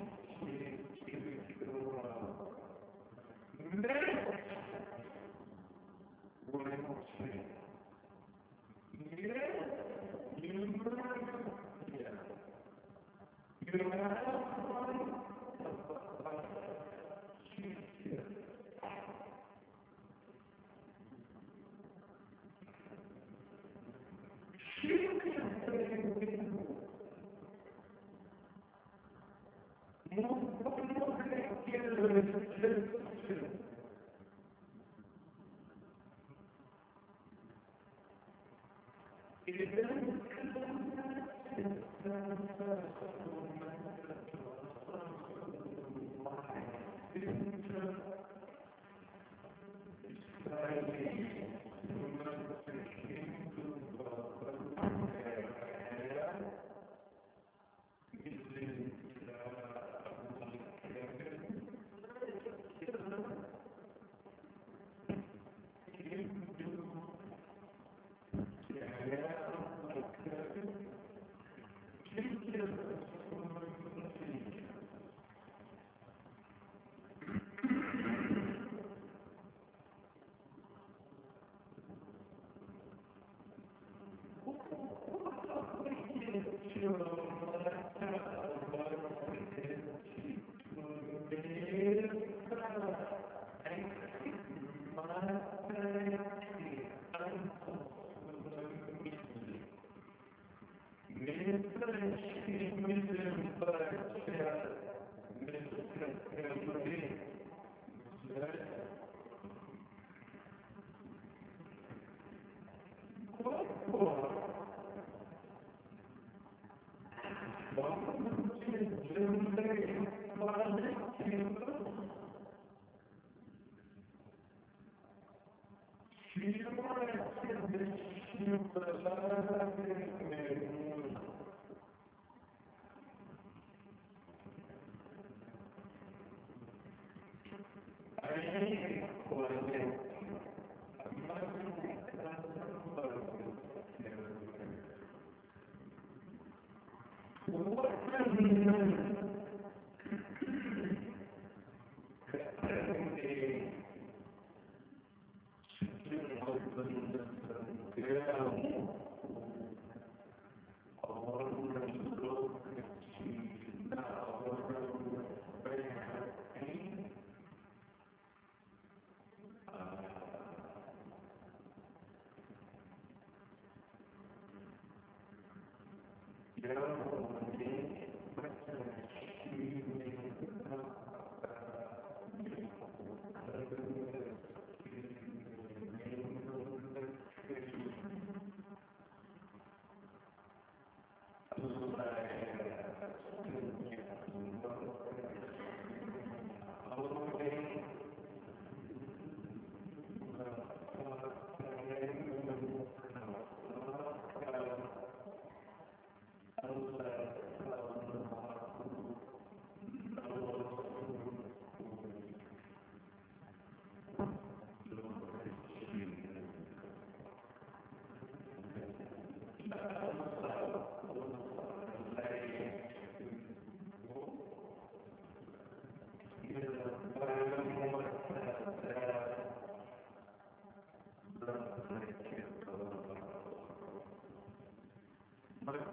இதுதான் Gracias.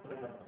Gracias.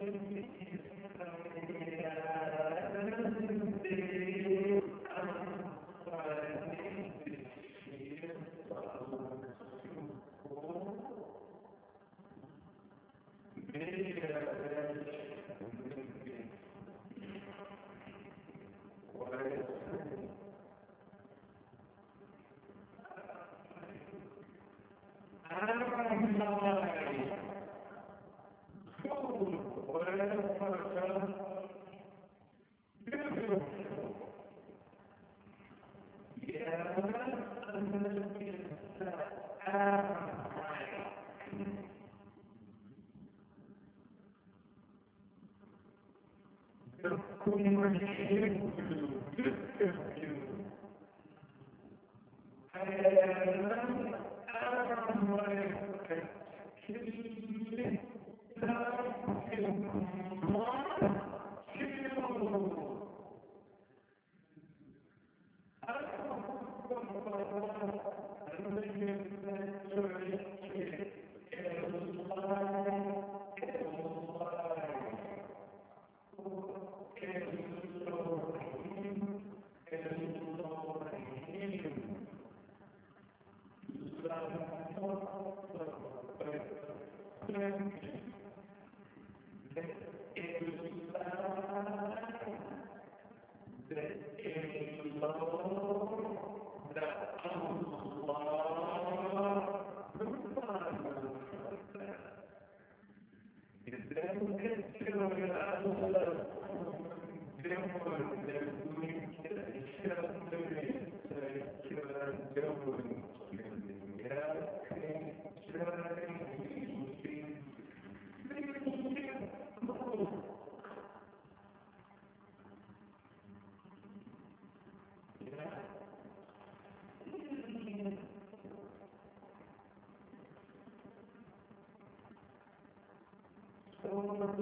Gracias. Thank you.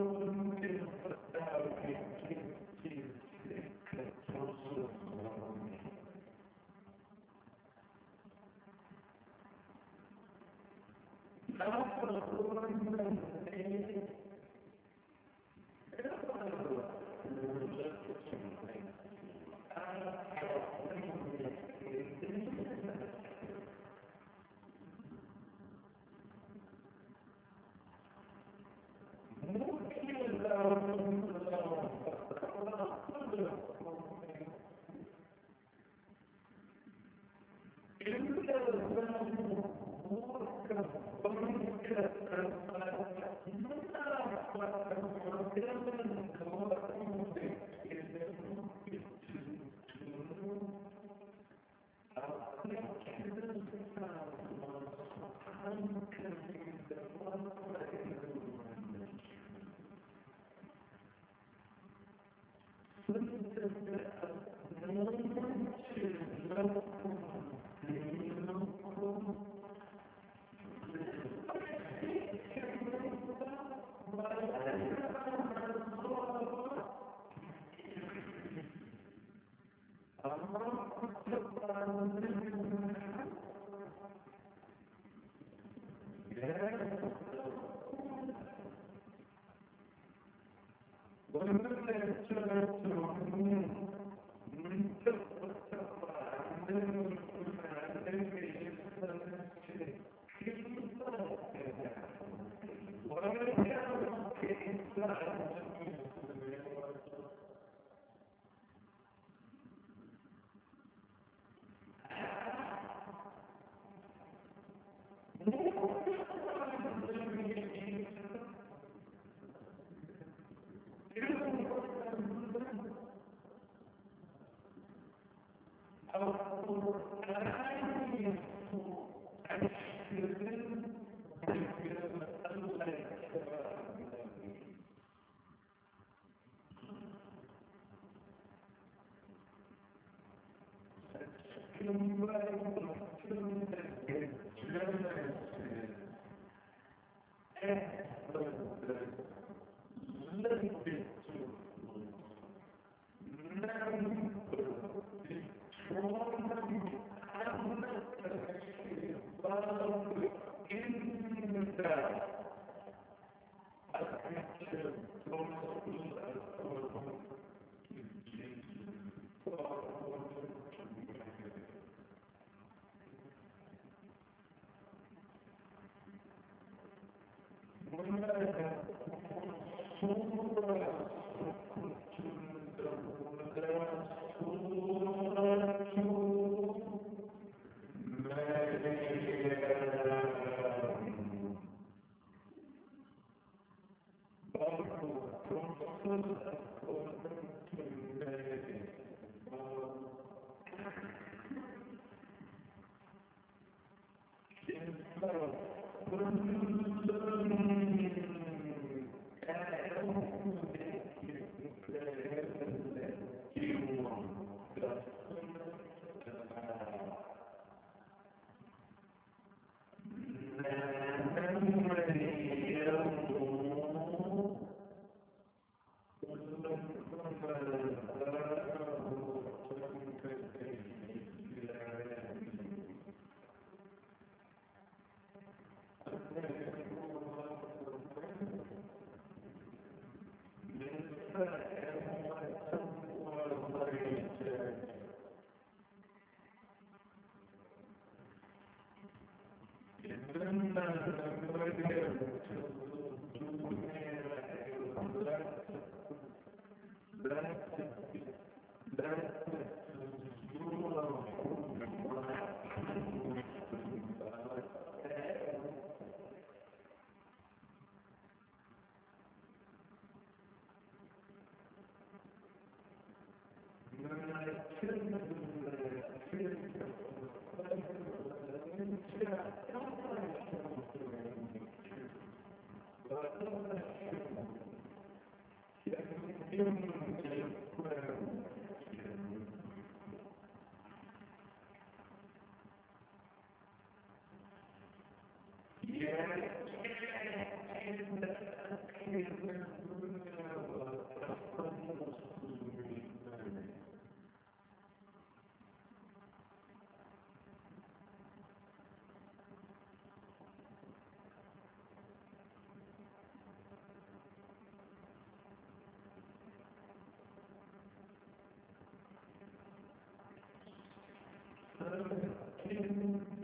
ọdún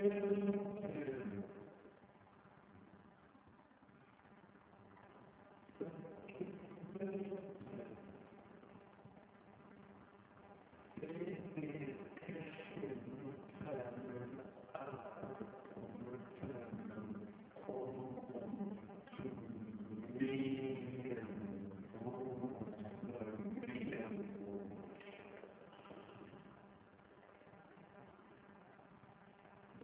Thank you.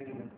Amen.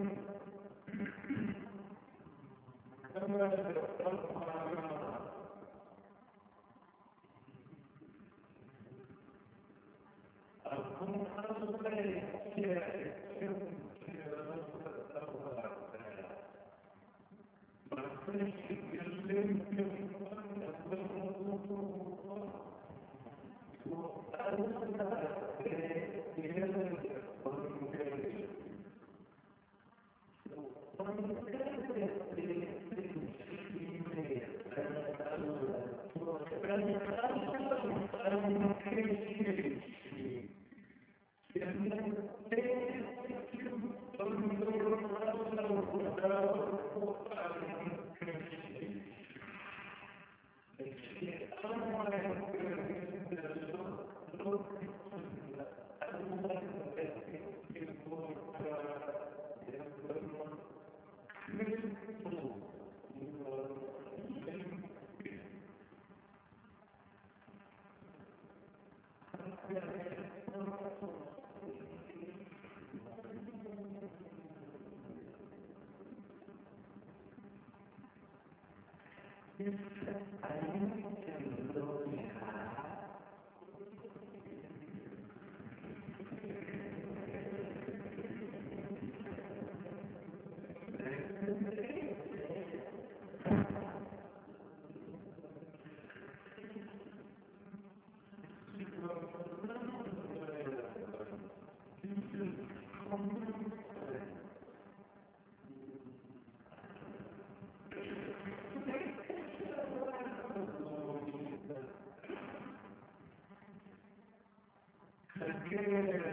Yes. كان